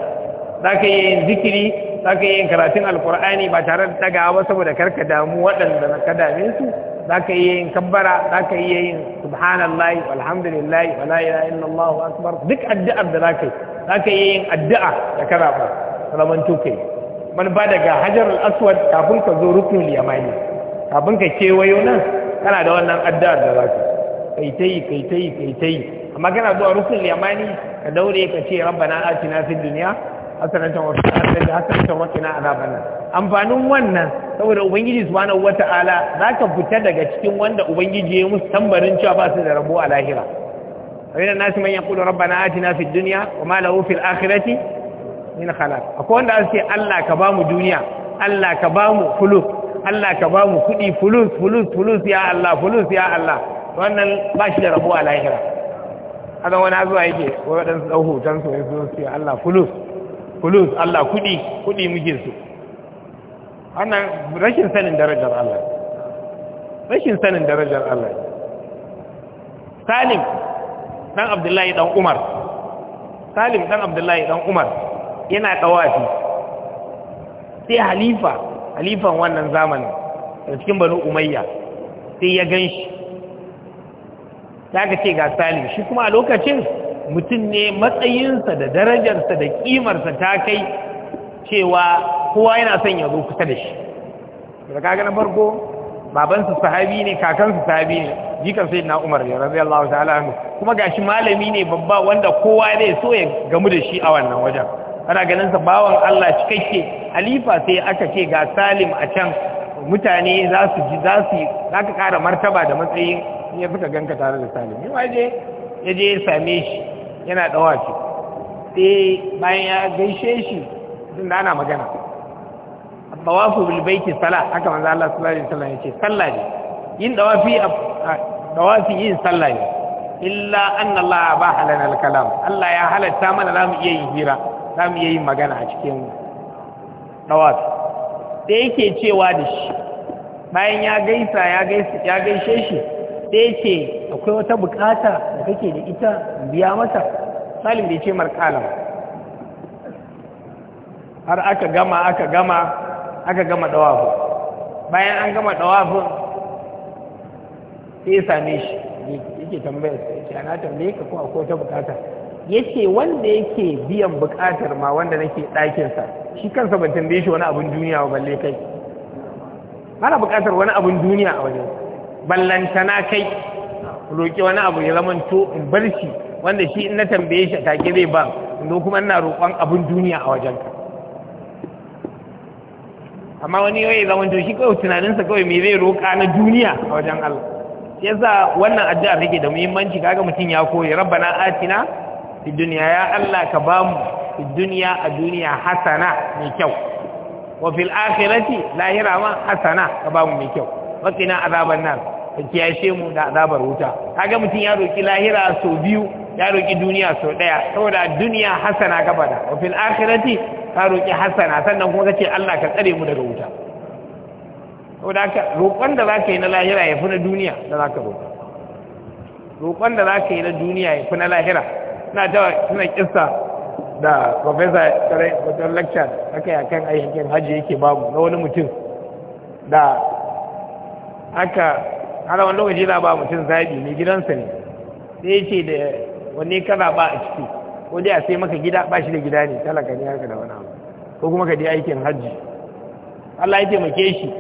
zaka yi yin zikiri zaka yi yin karatun alqur'ani ba tare da daga ba saboda karka damu waɗanda ka dame su zaka yi yin kabbara zaka yi yin subhanallahi walhamdulillahi wala ilaha illallah akbar duk addu'ar da zaka yi zaka yi yin addu'a da karaba salaman tukai man ba daga hajar al'aswad kafin ka zo rukun yamani kafin ka kewayo nan kana da wannan addu'ar da za ka kai ta yi kai ta yi kai ta yi amma kana zuwa rukun yamani ka daure ka ce rabba rabbana atina fid dunya hasanatan wa fil akhirati hasanatan wa qina adhaban nar amfanin wannan saboda ubangiji subhanahu wataala ka fita daga cikin wanda ubangiji ya musu tambarin cewa ba su da rabo a lahira abin da ومن الناس rabba na aji na في duniya kuma له في الآخرة min khalaq akwai wanda an ce Allah ka bamu duniya Allah ka bamu fulus Allah ka bamu kudi fulus fulus fulus ya Allah fulus ya Allah wannan ba shi da rabo a lahira azan wani zuwa yake waɗansu dau hoton su yazo su Allah fulus fulus Allah kudi kudi muke su wannan rashin sanin darajar Allah rashin sanin darajar Allah Salim dan Abdullahi dan Umar Salim dan Abdullahi dan Umar yana ɗawafi sai halifa halifan wannan zamanin da cikin banu umayya sai ya gan shi ta ce ga salim shi kuma a lokacin mutum ne matsayinsa da darajarsa da ƙimarsa ta kai cewa kowa yana son ya zo kusa da shi da kaga na farko babansu sahabi ne kakansu sahabi ne jikan sai na umar ya ne ta ta'ala kuma gashi malami ne babba wanda kowa zai so ya gamu da shi a wannan wajen ana ganin sa bawan Allah cikakke halifa sai aka ce ga salim a can mutane za su ji za su za ka kara martaba da matsayin ya fita ganka tare da salim yi waje ya je ya same shi yana dawa ce sai bayan ya gaishe shi tun da ana magana tawafu bil baiti sala haka manzo Allah sallallahu alaihi wasallam yace sallah ne yin dawafi dawafi yin sallah ne illa anna Allah ba halana kalam Allah ya halatta mana zamu iya yin hira za mu iya yin magana a cikin ɗawafi da yake cewa da shi bayan ya gaisa ya gaishe shi da yake akwai wata bukata da kake da ita biya mata salim da ce markala har aka gama aka gama aka gama ɗawafin bayan an gama ɗawafin sai ya same shi yake tambayar sai ya tambaye ka ko akwai wata bukata ce wanda yake biyan bukatar ma wanda nake ɗakinsa shi kansa ban tambaye shi wani abin duniya wa balle kai mana bukatar wani abin duniya a wajen ballantana kai roƙi wani abu ya to in bar shi wanda shi in na tambaye shi ke zai ba inda kuma ina roƙon abin duniya a wajen ka amma wani yau ya zama to shi kawai tunaninsa kawai me zai roƙa na duniya a wajen Allah yasa wannan addu'a take da muhimmanci kaga mutum ya koyi rabbana atina fi duniya ya Allah ka ba mu fi duniya a duniya hasana mai kyau wa fil akhirati lahira ma hasana ka ba mu mai kyau wa qina azaban nar ka kiyashe mu da azabar wuta kaga mutum ya roki lahira sau biyu ya roki duniya sau daya saboda duniya hasana ka bada wa fil akhirati ka roki hasana sannan kuma kace Allah ka tsare mu daga wuta saboda haka roƙon da zaka yi na lahira ya fi na duniya da zaka roƙa roƙon da zaka yi na duniya ya fi na lahira na ta suna kista da professor tare wajen lecture aka yi kan aikin hajji yake babu na wani mutum da aka ana wani lokaci na ba mutum zaɓi mai gidansa ne sai ce da wani kana ba a ciki ko dai a sai maka gida ba shi da gida ne talaka ne haka da wani abu ko kuma ka je aikin hajji Allah ya taimake shi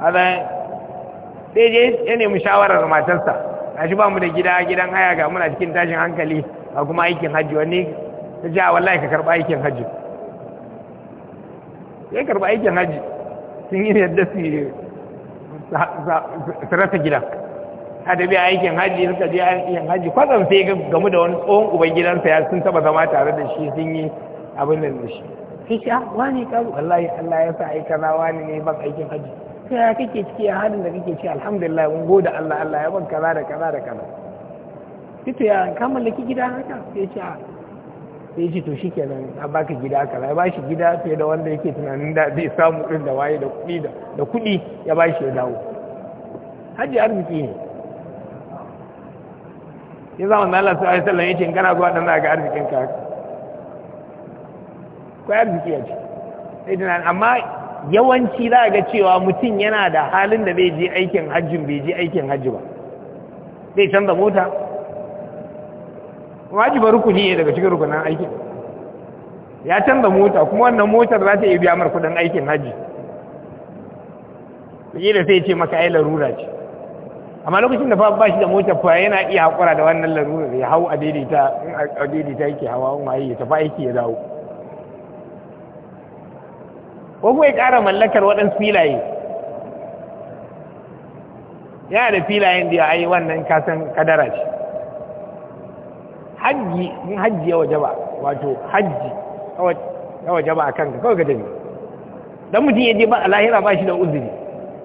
Allah ɗaya ne ya nemi shawarar matarsa a shi ba mu da gida gidan haya ga muna cikin tashin hankali a kuma aikin hajji wani ta ji a wallahi ka karɓa aikin hajji ya karɓa aikin hajji sun yi yadda su su rasa gida a tafi a aikin hajji suka je aikin hajji kwatsam sai gamu da wani tsohon uban gidansa ya sun taba zama tare da shi sun yi abin da shi sai ce wani ka wallahi Allah ya sa aikana wani ne ban aikin hajji ta ya kake ciki a halin da kake ciki alhamdulillah mun gode Allah Allah ya ban kaza da kaza da kaza kito ya ka ki gida haka sai a, ah. sai ci to shikenan a baka gida haka ya bashi gida fiye da wanda yake tunanin da zai samu din da waye da kuɗi da kudi ya bashi ya dawo Haji arziki ne ya zama na Allah sai sallan yake in kana zuwa dan ga arzikin ka ko arziki ya ce sai amma yawanci za ga cewa mutum yana da halin da bai je aikin hajjin bai je aikin hajji ba zai canza mota wajiba rukuni ne daga cikin rukunan aikin ya canza mota kuma wannan motar za ta iya biya mar kudin aikin hajji yi da sai ce maka ai larura ce amma lokacin da ba shi da motar fa yana iya haƙura da wannan larura ya hau a daidaita in a daidaita yake hawa waye ya tafi aiki ya dawo ko kuma ya ƙara mallakar waɗansu filaye ya da filayen da ya yi wannan kasan kadara ce hajji in hajji ya waje ba wato hajji ya waje ba a kanka kawai ka tafi don mutum ya je ba a lahira ba shi da uzuri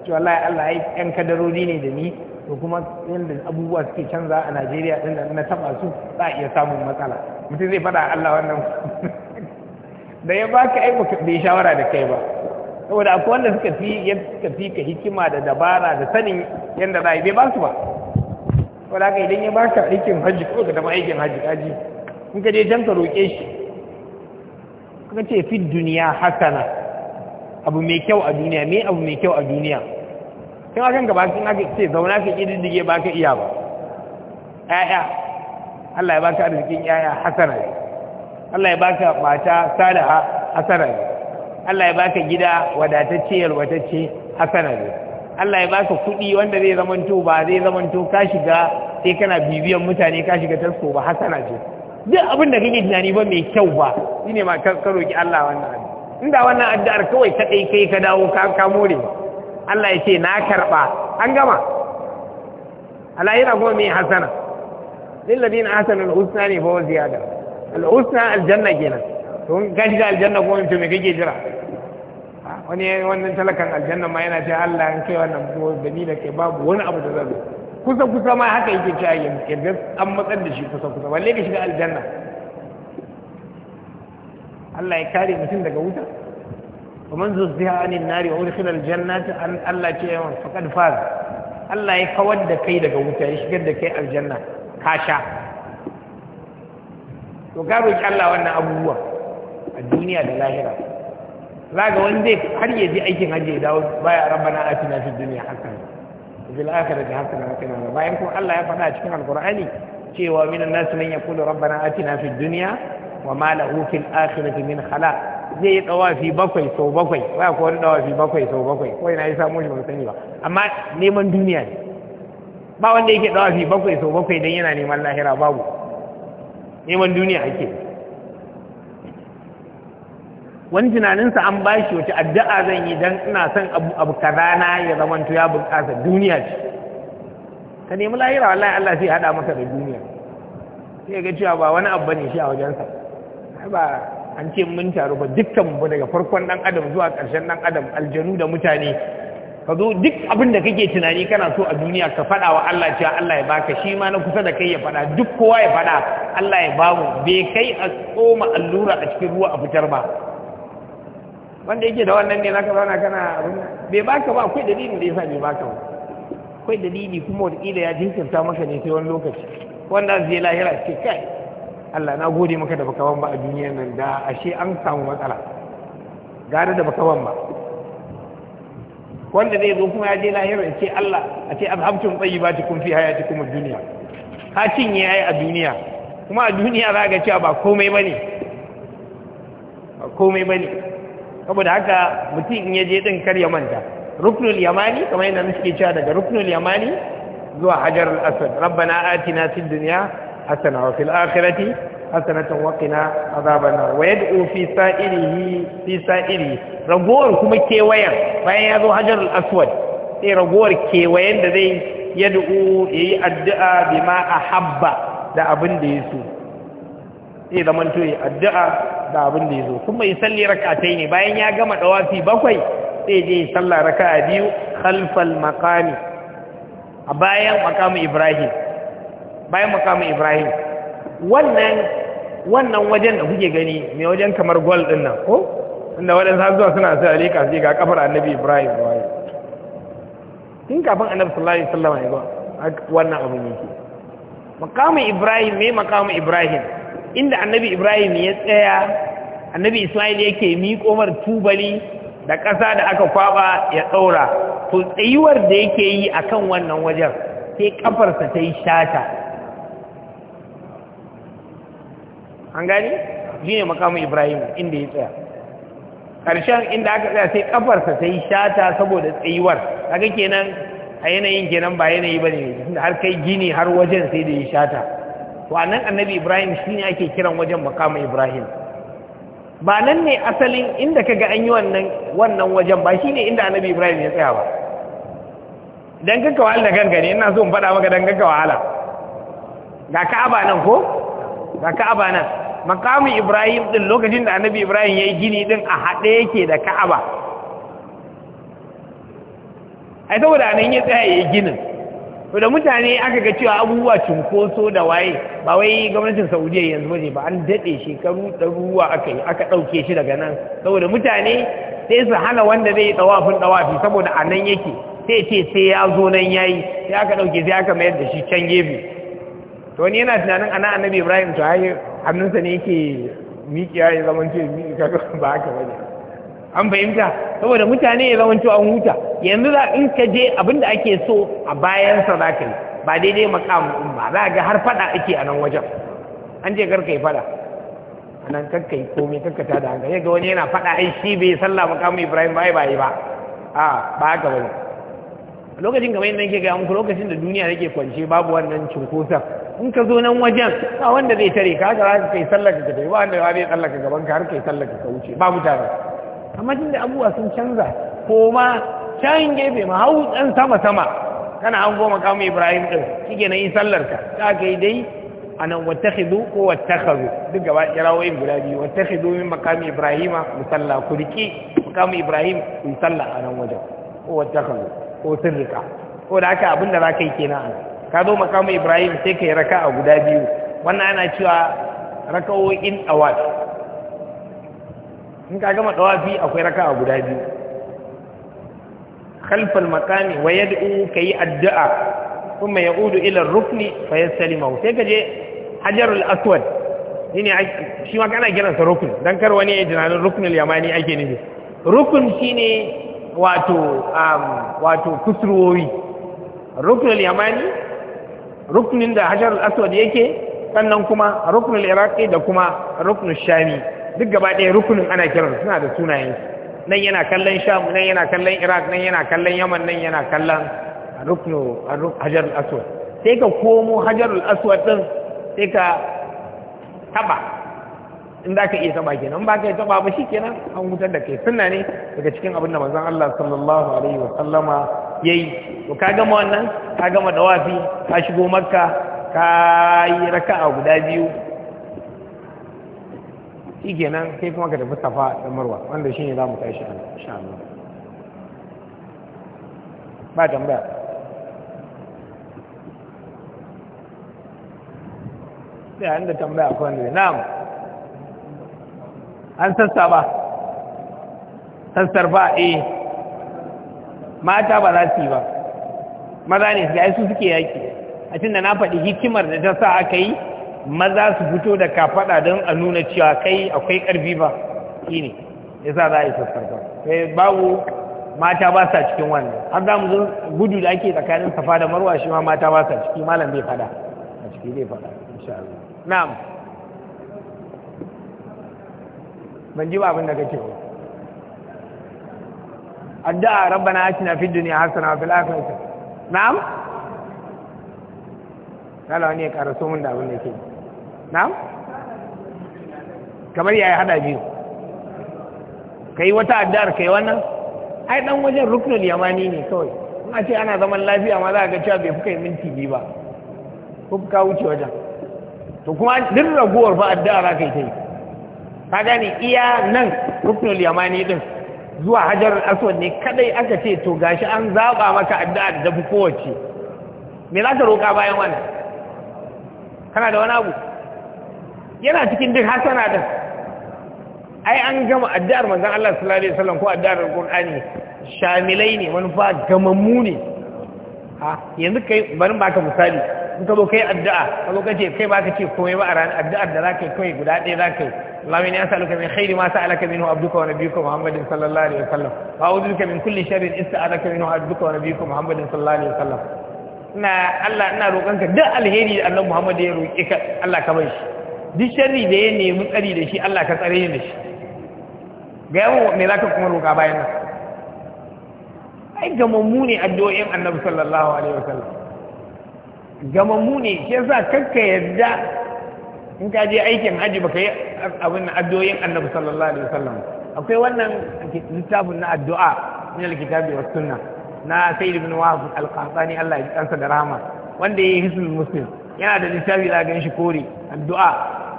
to wallahi Allah ya yi kadarori ne da ni to kuma yadda abubuwa suke canza a Najeriya din na taba su za a iya samun matsala mutum zai faɗa Allah wannan da ya ba ka aiko da ya shawara da kai ba saboda akwai wanda suka fi suka fi ka hikima da dabara da sanin yadda za a yi bai ba su ba saboda haka idan ya baka aikin hajji ko ka dama aikin hajji kaji in ka je can ka roƙe shi ka ce fi duniya hasana abu mai kyau a duniya me abu mai kyau a duniya kin akan gaba kin aka ce zauna ka kididdige ba ka iya ba ƴaƴa Allah ya baka arzikin ƴaƴa hasana ne Allah ya baka mata salaha hasana ne Allah ya baka gida wadatacce yalwatacce hasana ne Allah ya baka kuɗi wanda zai zamanto ba zai zamanto ka shiga sai kana bibiyan mutane ka shiga tasko ba hasana ce duk abin da kake tunani ba mai kyau ba shine ma ka ki Allah wannan addu'a inda wannan addu'ar kawai ka dai kai ka dawo ka ka more Allah ya ce na karba an gama Allah yana kuma mai hasana lil ladina ahsanu al-husna ne fa ziyada al'usna aljanna kenan to ka shiga aljanna ko mutum me kake jira wani wannan talakan aljanna ma yana ce Allah an kai wannan ko da ni da kai babu wani abu da zai kusa kusa ma haka yake cewa yadda an matsar da shi kusa kusa balle ka shiga aljanna Allah ya kare mutum daga wuta ومن زهزها عن النار وأدخل Allah ya kawar da kai daga wuta ya shigar da kai Aljanna ka sha. to ka ki Allah wannan abubuwa a duniya da lahira za ga wani zai har ya je aikin hajji ya dawo baya rabbana atina fid dunya hasana fil akhirati hasana wa qina adhaban bayan kuma Allah ya faɗa a cikin alqur'ani cewa minan nas man yaqulu rabbana atina fid dunya wa ma lahu fil akhirati min khalaq zai yi dawafi bakwai sau bakwai ba ko wani dawafi bakwai sau bakwai ko ina ya samu shi ba sani ba amma neman duniya ne ba wanda yake dawafi bakwai sau bakwai don yana neman lahira babu neman duniya ake wani tunaninsa an bashi wace addu'a zan yi don ina son abu kaza na ya zamanto ya bunƙasa duniya ce ka nemi lahira wallahi Allah sai haɗa maka da duniya sai ga cewa ba wani abu ne shi a wajensa ba an ce mun taru ba dukkan mu daga farkon ɗan adam zuwa ƙarshen ɗan adam aljanu da mutane ka zo duk abin da kake tunani kana so a duniya ka faɗa wa Allah cewa Allah ya baka shi ma na kusa da kai ya faɗa duk kowa ya faɗa Allah ya bamu bai kai a tsoma allura a cikin ruwa a fitar ba wanda yake da wannan ne naka zauna kana bai baka ba akwai dalilin da yasa bai baka ba akwai dalili kuma wataƙila ya jinkirta maka ne sai wani lokaci wanda zai lahira ce kai Allah na gode maka da baka ba a duniya nan da ashe an samu matsala gare da baka ba wanda zai zo kuma ya je lahira ya ce Allah a ce azhabtum tayyibatikum fi hayatikum ad-dunya ka cinye yayi a duniya kuma a duniya za ga cewa ba komai bane ba komai bane saboda haka mutum in ya je din kar ya manta ruknul yamani kamar yadda muke cewa daga ruknul yamani zuwa hajar al-aswad rabbana atina fid dunya hasana wa fil akhirati hasanatan wa qina azaban nar wa yad'u fi sa'irihi fi sa'iri ragowar kuma kewayen bayan ya zo hajar al-aswad sai ragowar kewayen da zai yad'u yayi addu'a bima ahabba da abin da ya so sai to yi addu'a da abin da ya so kuma ya salli rak'atai ne bayan ya gama dawafi bakwai sai je sallah a biyu khalfal maqami a bayan maqamu ibrahim bayan maqamu ibrahim wannan wannan wajen da kuke gani mai wajen kamar gwal din nan ko inda wadansu har zuwa suna sai alika sai ga kafar annabi ibrahim da waye tun kafin annabi sallallahu alaihi wasallam ya ba wannan abin yake makamu ibrahim me makamu ibrahim inda annabi ibrahim ya tsaya annabi ismail yake miƙo mar tubali da ƙasa da aka kwaba ya ɗaura to tsayuwar da yake yi akan wannan wajen sai kafarsa ta yi shata an gani shi ne makamun ibrahim inda ya tsaya ƙarshen inda aka tsaya sai ƙafarsa ta yi shata saboda tsayuwar haka kenan a yanayin kenan ba yanayi ba ne har kai gini har wajen sai da ya shata to a nan annabi ibrahim shi ne ake kiran wajen makamun ibrahim ba nan ne asalin inda ka ga an yi wannan wajen ba shi ne inda annabi ibrahim ya tsaya ba don kanka wahala da kanka ne ina so in faɗa maka don kanka wahala ga ka'aba nan ko ga ka'aba nan makamin ibrahim din lokacin da annabi ibrahim ya yi gini din a haɗe yake da ka'aba ai saboda nan ya tsaya ya yi ginin to da mutane aka ga cewa abubuwa cunkoso da waye ba wai gwamnatin saudiya yanzu ba ne ba an daɗe shekaru ɗaruruwa aka yi aka ɗauke shi daga nan saboda mutane sai su hana wanda zai yi ɗawafin ɗawafi saboda a nan yake sai ce sai ya zo nan ya yi sai aka ɗauke sai aka mayar da shi can gefe to wani yana tunanin ana annabi ibrahim to ai hannunsa ne yake mikiya ya zama ce ba haka ne an fahimta saboda mutane ya zama an huta yanzu za in ka je abin da ake so a bayansa za ka yi ba daidai makamu in ba za ga har faɗa ake a nan wajen an je karka yi faɗa a nan karka yi komai ta da hankali ga wani yana faɗa ai shi bai sallah makamu ibrahim ba ba yi ba a ba haka ne lokacin gaba yadda ke gaya muku lokacin da duniya yake kwanci babu wannan cunkoson in ka zo nan wajen ba wanda zai tare ka haka za ka kai sallaka ka tafi ba wanda zai tsallaka gaban ka har kai sallaka ka wuce ba mutane amma tun da abubuwa sun canza ko ma shayin gefe ma hau dan sama sama kana an goma kamu ibrahim din shike na yi sallar ka ta ka yi dai a nan hidu ko wattakhadhu duk gaba yin guda biyu hidu min maqami ibrahima musalla ku riki makamu ibrahim ku salla a nan wajen ko wattakhadhu ko sirrika ko da haka abin da za ka yi kenan ka zo makamu ibrahim sai ka yi raka a guda biyu wannan ana cewa in awafi in ka gama awafi akwai raka a guda biyu khalfal makami wa yad'u yi addu'a kuma ya'udu ila rukni fa salima sai ka je hajarul aswad shine shi ma kana kiransa rukun dan kar wani ya tunanin ruknul yamani ake nufi rukun shine wato um, wato kusurwoyi ruknul yamani ruknin da hajar aswad yake sannan kuma ruknul iraqi da kuma ruknul shami duk gaba ɗaya rukunin ana kiran suna da sunayen nan yana kallon sham nan yana kallon iraq nan yana kallon yaman nan yana kallon ruknu hajar aswad sai ka komo hajar aswad din sai ka taba in da ka iya taba kenan ba ka iya taba ba kenan an hutar da kai sunna ne daga cikin abin da manzon Allah sallallahu alaihi wa sallama yayi to ka gama wannan ka gama dawafi ka shigo makka ka yi raka'a guda biyu shikenan kai kuma ka tafi safa da marwa wanda shine za mu tashi insha Allah ba tambaya sai an da tambaya kwanu na na'am an sassa ba sassar ba eh mata ba za su yi ba maza ne ga su suke yaki a cin da na faɗi hikimar da ta sa aka yi maza su fito da kafaɗa don a nuna cewa kai akwai ƙarfi ba shi ne ya sa za a yi sassar ba sai eh, babu mata ba sa cikin wannan har za mu zo gudu da ake tsakanin safa da marwa shi ma mata ba sa ciki malam bai faɗa a ciki zai faɗa insha Allah na'am ban ji ba abin da kake ba addu'a rabbana atina fid dunya hasana wa fil akhirati na'am kala wani ya karaso min da abin da ke na'am kamar yaya hada biyu kai wata addu'ar kai wannan ai dan wajen ruknul yamani ne kawai in a ce ana zaman lafiya ma za ka ga cewa bai fi kai minti biyu ba ko ka wuce wajen to kuma duk raguwar fa addu'a za ka yi ta yi ka gane iya nan ruknul yamani din zuwa hajar aswad ne kadai aka ce to gashi an zaba maka addu'a da dafi kowace me za ka roƙa bayan wannan kana da wani abu yana cikin duk hasana din ai an gama addu'ar manzon Allah sallallahu alaihi wasallam ko addu'ar Qur'ani shamilai ne manufa gamammu ne ha yanzu kai bari baka misali in ka zo kai addu'a ka zo kace kai ba ka ce komai ba a ranar addu'ar da zaka yi kai guda ɗaya zaka yi Allahumma inni as'aluka min khairi ma sa'alaka minhu abduka wa nabiyyuka Muhammadin sallallahu alaihi wasallam wa a'udhu bika min kulli sharrin ista'adaka minhu abduka wa nabiyyuka Muhammadin sallallahu alaihi wasallam ina Allah ina roƙonka duk alheri da Annabi Muhammad ya roƙi ka Allah ka bar shi duk sharri da ya nemi tsari da shi Allah ka tsare ni da shi ga yawo me zaka kuma roƙa bayan nan ai ga mummune addu'o'in Annabi sallallahu alaihi wasallam mu ne shi yasa kakka yadda in ka je aikin haji baka yi abin addu'o'in annabi sallallahu alaihi wasallam akwai wannan littafin na addu'a min alkitabi was sunna na sayyid ibn wahab al-qahtani Allah ya kansa da rahama wanda yayi hisnul muslim yana da littafi da gan shi kore addu'a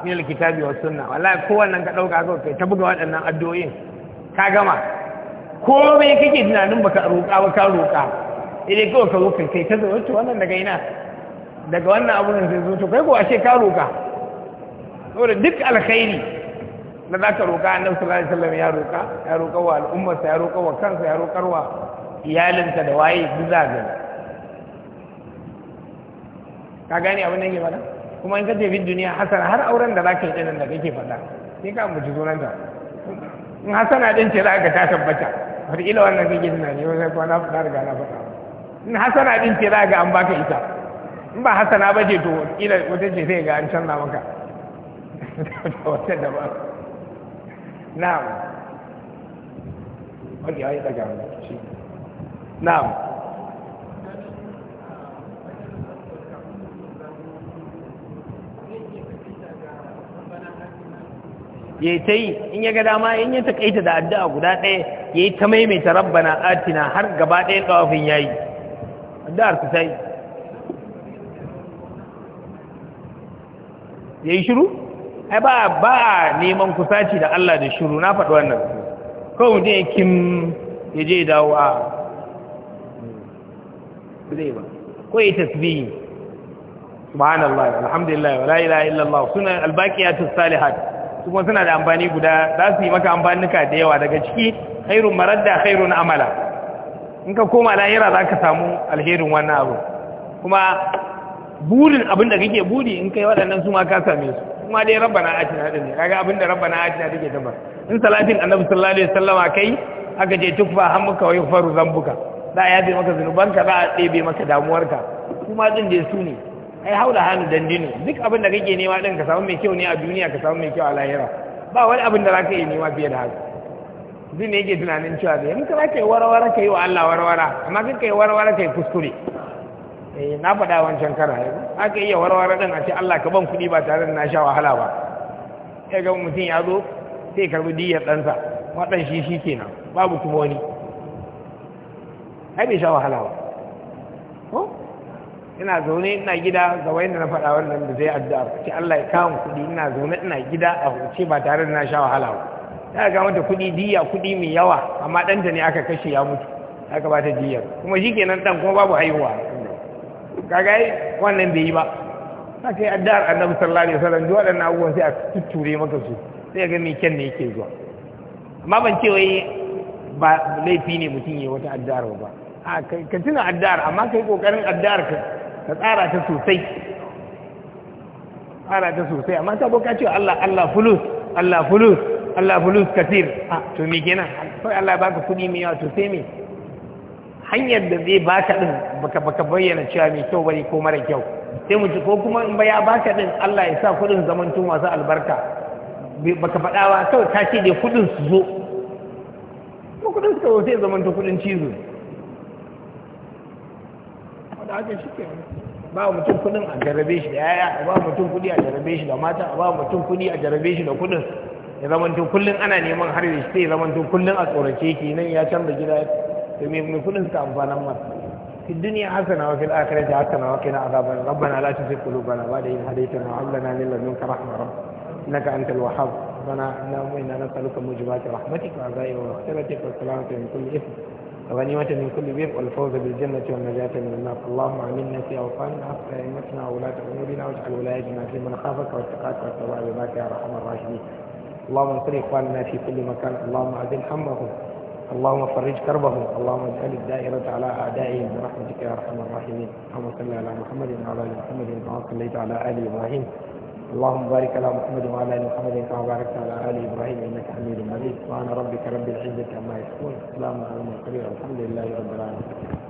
min alkitabi was sunna wallahi wannan ka dauka ka kai ta buga waɗannan addu'o'in ka gama komai kake tunanin baka roƙa ba ka roƙa idan kawai ka roƙa kai ta zo wannan daga ina daga wannan abun sai zo to kai ko ashe ka roka saboda duk alkhairi na zaka roka annabi sallallahu alaihi wasallam ya roka ya roka wa al'ummarsa ya roka wa kansa ya roka wa iyalinsa da waye duk ga ka gane abin da yake fada kuma in ka je bi duniya hasana har auren da zaka yi dinan da kake faɗa sai ka zuran sunanta in hasana din ce za ta tabbata ila wannan kake tunani wani ko na riga na faɗa in hasana din ce za ga an baka ita in ba hasana ba ce to kila wata ce zai ga an canza maka wata ba na'am wani ya yi daga shi na'am ya ta yi in ya ga dama in ya takaita da addu'a guda ɗaya ya yi ta maimaita rabbana atina har gaba ɗaya ɗawafin ya yi addu'ar su ta yi ya yi shiru? ai ba ba neman kusaci da Allah da shiru na faɗi wannan kawai ne kim ya je dawo a zai ba ko ya tasbihi subhanallah alhamdulillah wala la'ila illallah suna albaqiyatus salihat su kuma suna da amfani guda za su yi maka amfanuka da yawa daga ciki khairun maradda khairun amala in ka koma lahira za ka samu alherin wannan abu kuma burin abin da kake buri in kai waɗannan su ma ka same su kuma dai rabba na rabbana atina ne, kaga abin da rabba na atina take tabbas. in salatin annabi sallallahu alaihi wasallama kai aka je tukfa hammuka wa faru zambuka. Da ya bi maka zunubanka za a ɗebe maka damuwarka kuma din dai su ne ai haula hannu dandino duk abin da kake nema din ka samu mai kyau ne a duniya ka samu mai kyau a lahira ba wani abin da zaka yi nema fiye da haka zai ne yake tunanin cewa da yanka za ka yi warware ka yi wa Allah warwara amma kai ka warware ka yi kuskure eh na faɗa wancan kara aka iya warware ɗin a ce Allah ka ban kuɗi ba tare da na sha wahala ba sai ga mutum ya zo sai karbi diyar ɗansa waɗan shi shi kenan babu kuma wani ai bai sha wahala ba ko ina zaune ina gida ga wayan da na faɗa wannan da zai addu'a ce Allah ya kawo kuɗi ina zaune ina gida a huce ba tare da na sha wahala ba ta ga mata kuɗi diya kuɗi mai yawa amma ɗanta ne aka kashe ya mutu aka ba ta diyar kuma shi kenan ɗan kuma babu haihuwa kagai wannan bai yi ba ta kai addar annabi sallallahu alaihi wasallam duk waɗannan abubuwan sai a tutture maka su sai ga me kyan ne yake zuwa amma ban ce wai ba laifi ne mutum ya wata addar ba a ka tuna addar amma kai kokarin addar ka ka tsara ta sosai tsara ta sosai amma ta boka cewa Allah Allah fulus Allah fulus Allah fulus katir a to me kenan sai Allah baka kuɗi mai yawa to sai me hanyar da zai baka din baka baka bayyana cewa mai kyau bane ko mara kyau sai mu ci ko kuma in ba ya baka din Allah ya sa kudin zamantun wasu albarka baka faɗa ba kawai ka ce dai kudin su zo ko kudin su zo sai zamantun kudin cizo da haka shi ke ba mutum kudin a jarabe shi da yaya ba mutum kudi a jarabe shi da mata ba mutum kudi a jarabe shi da kudin ya zamantun kullun ana neman harbe shi sai ya zamantun kullun a tsorace ke nan ya canza gida domin من فلن su amfanin في الدنيا حسنة وفي الآخرة حسنة وقنا عذابا ربنا لا تزغ قلوبنا بعد إذ هديتنا وهب لنا من لدنك رحمة رب إنك أنت الوهاب ربنا اللهم إنا نسألك موجبات رحمتك وعزائي ومغفرتك والسلامة من كل إثم وغنيمة من كل بر والفوز بالجنة والنجاة من النار اللهم آمنا في أوطاننا حتى أئمتنا وولاة أمورنا واجعل ولايتنا في من خافك واتقاك واتبع رضاك يا أرحم الراحمين اللهم انصر إخواننا في كل مكان اللهم أعز همهم اللهم فرج كربهم اللهم اجعل الدائرة على أعدائهم برحمتك يا أرحم الراحمين اللهم صل على محمد وعلى آل محمد كما صليت على آل إبراهيم اللهم بارك على محمد وعلى آل محمد كما باركت على آل إبراهيم إنك حميد مجيد سبحان ربك رب العزة عما يصفون السلام على المرسلين والحمد لله رب العالمين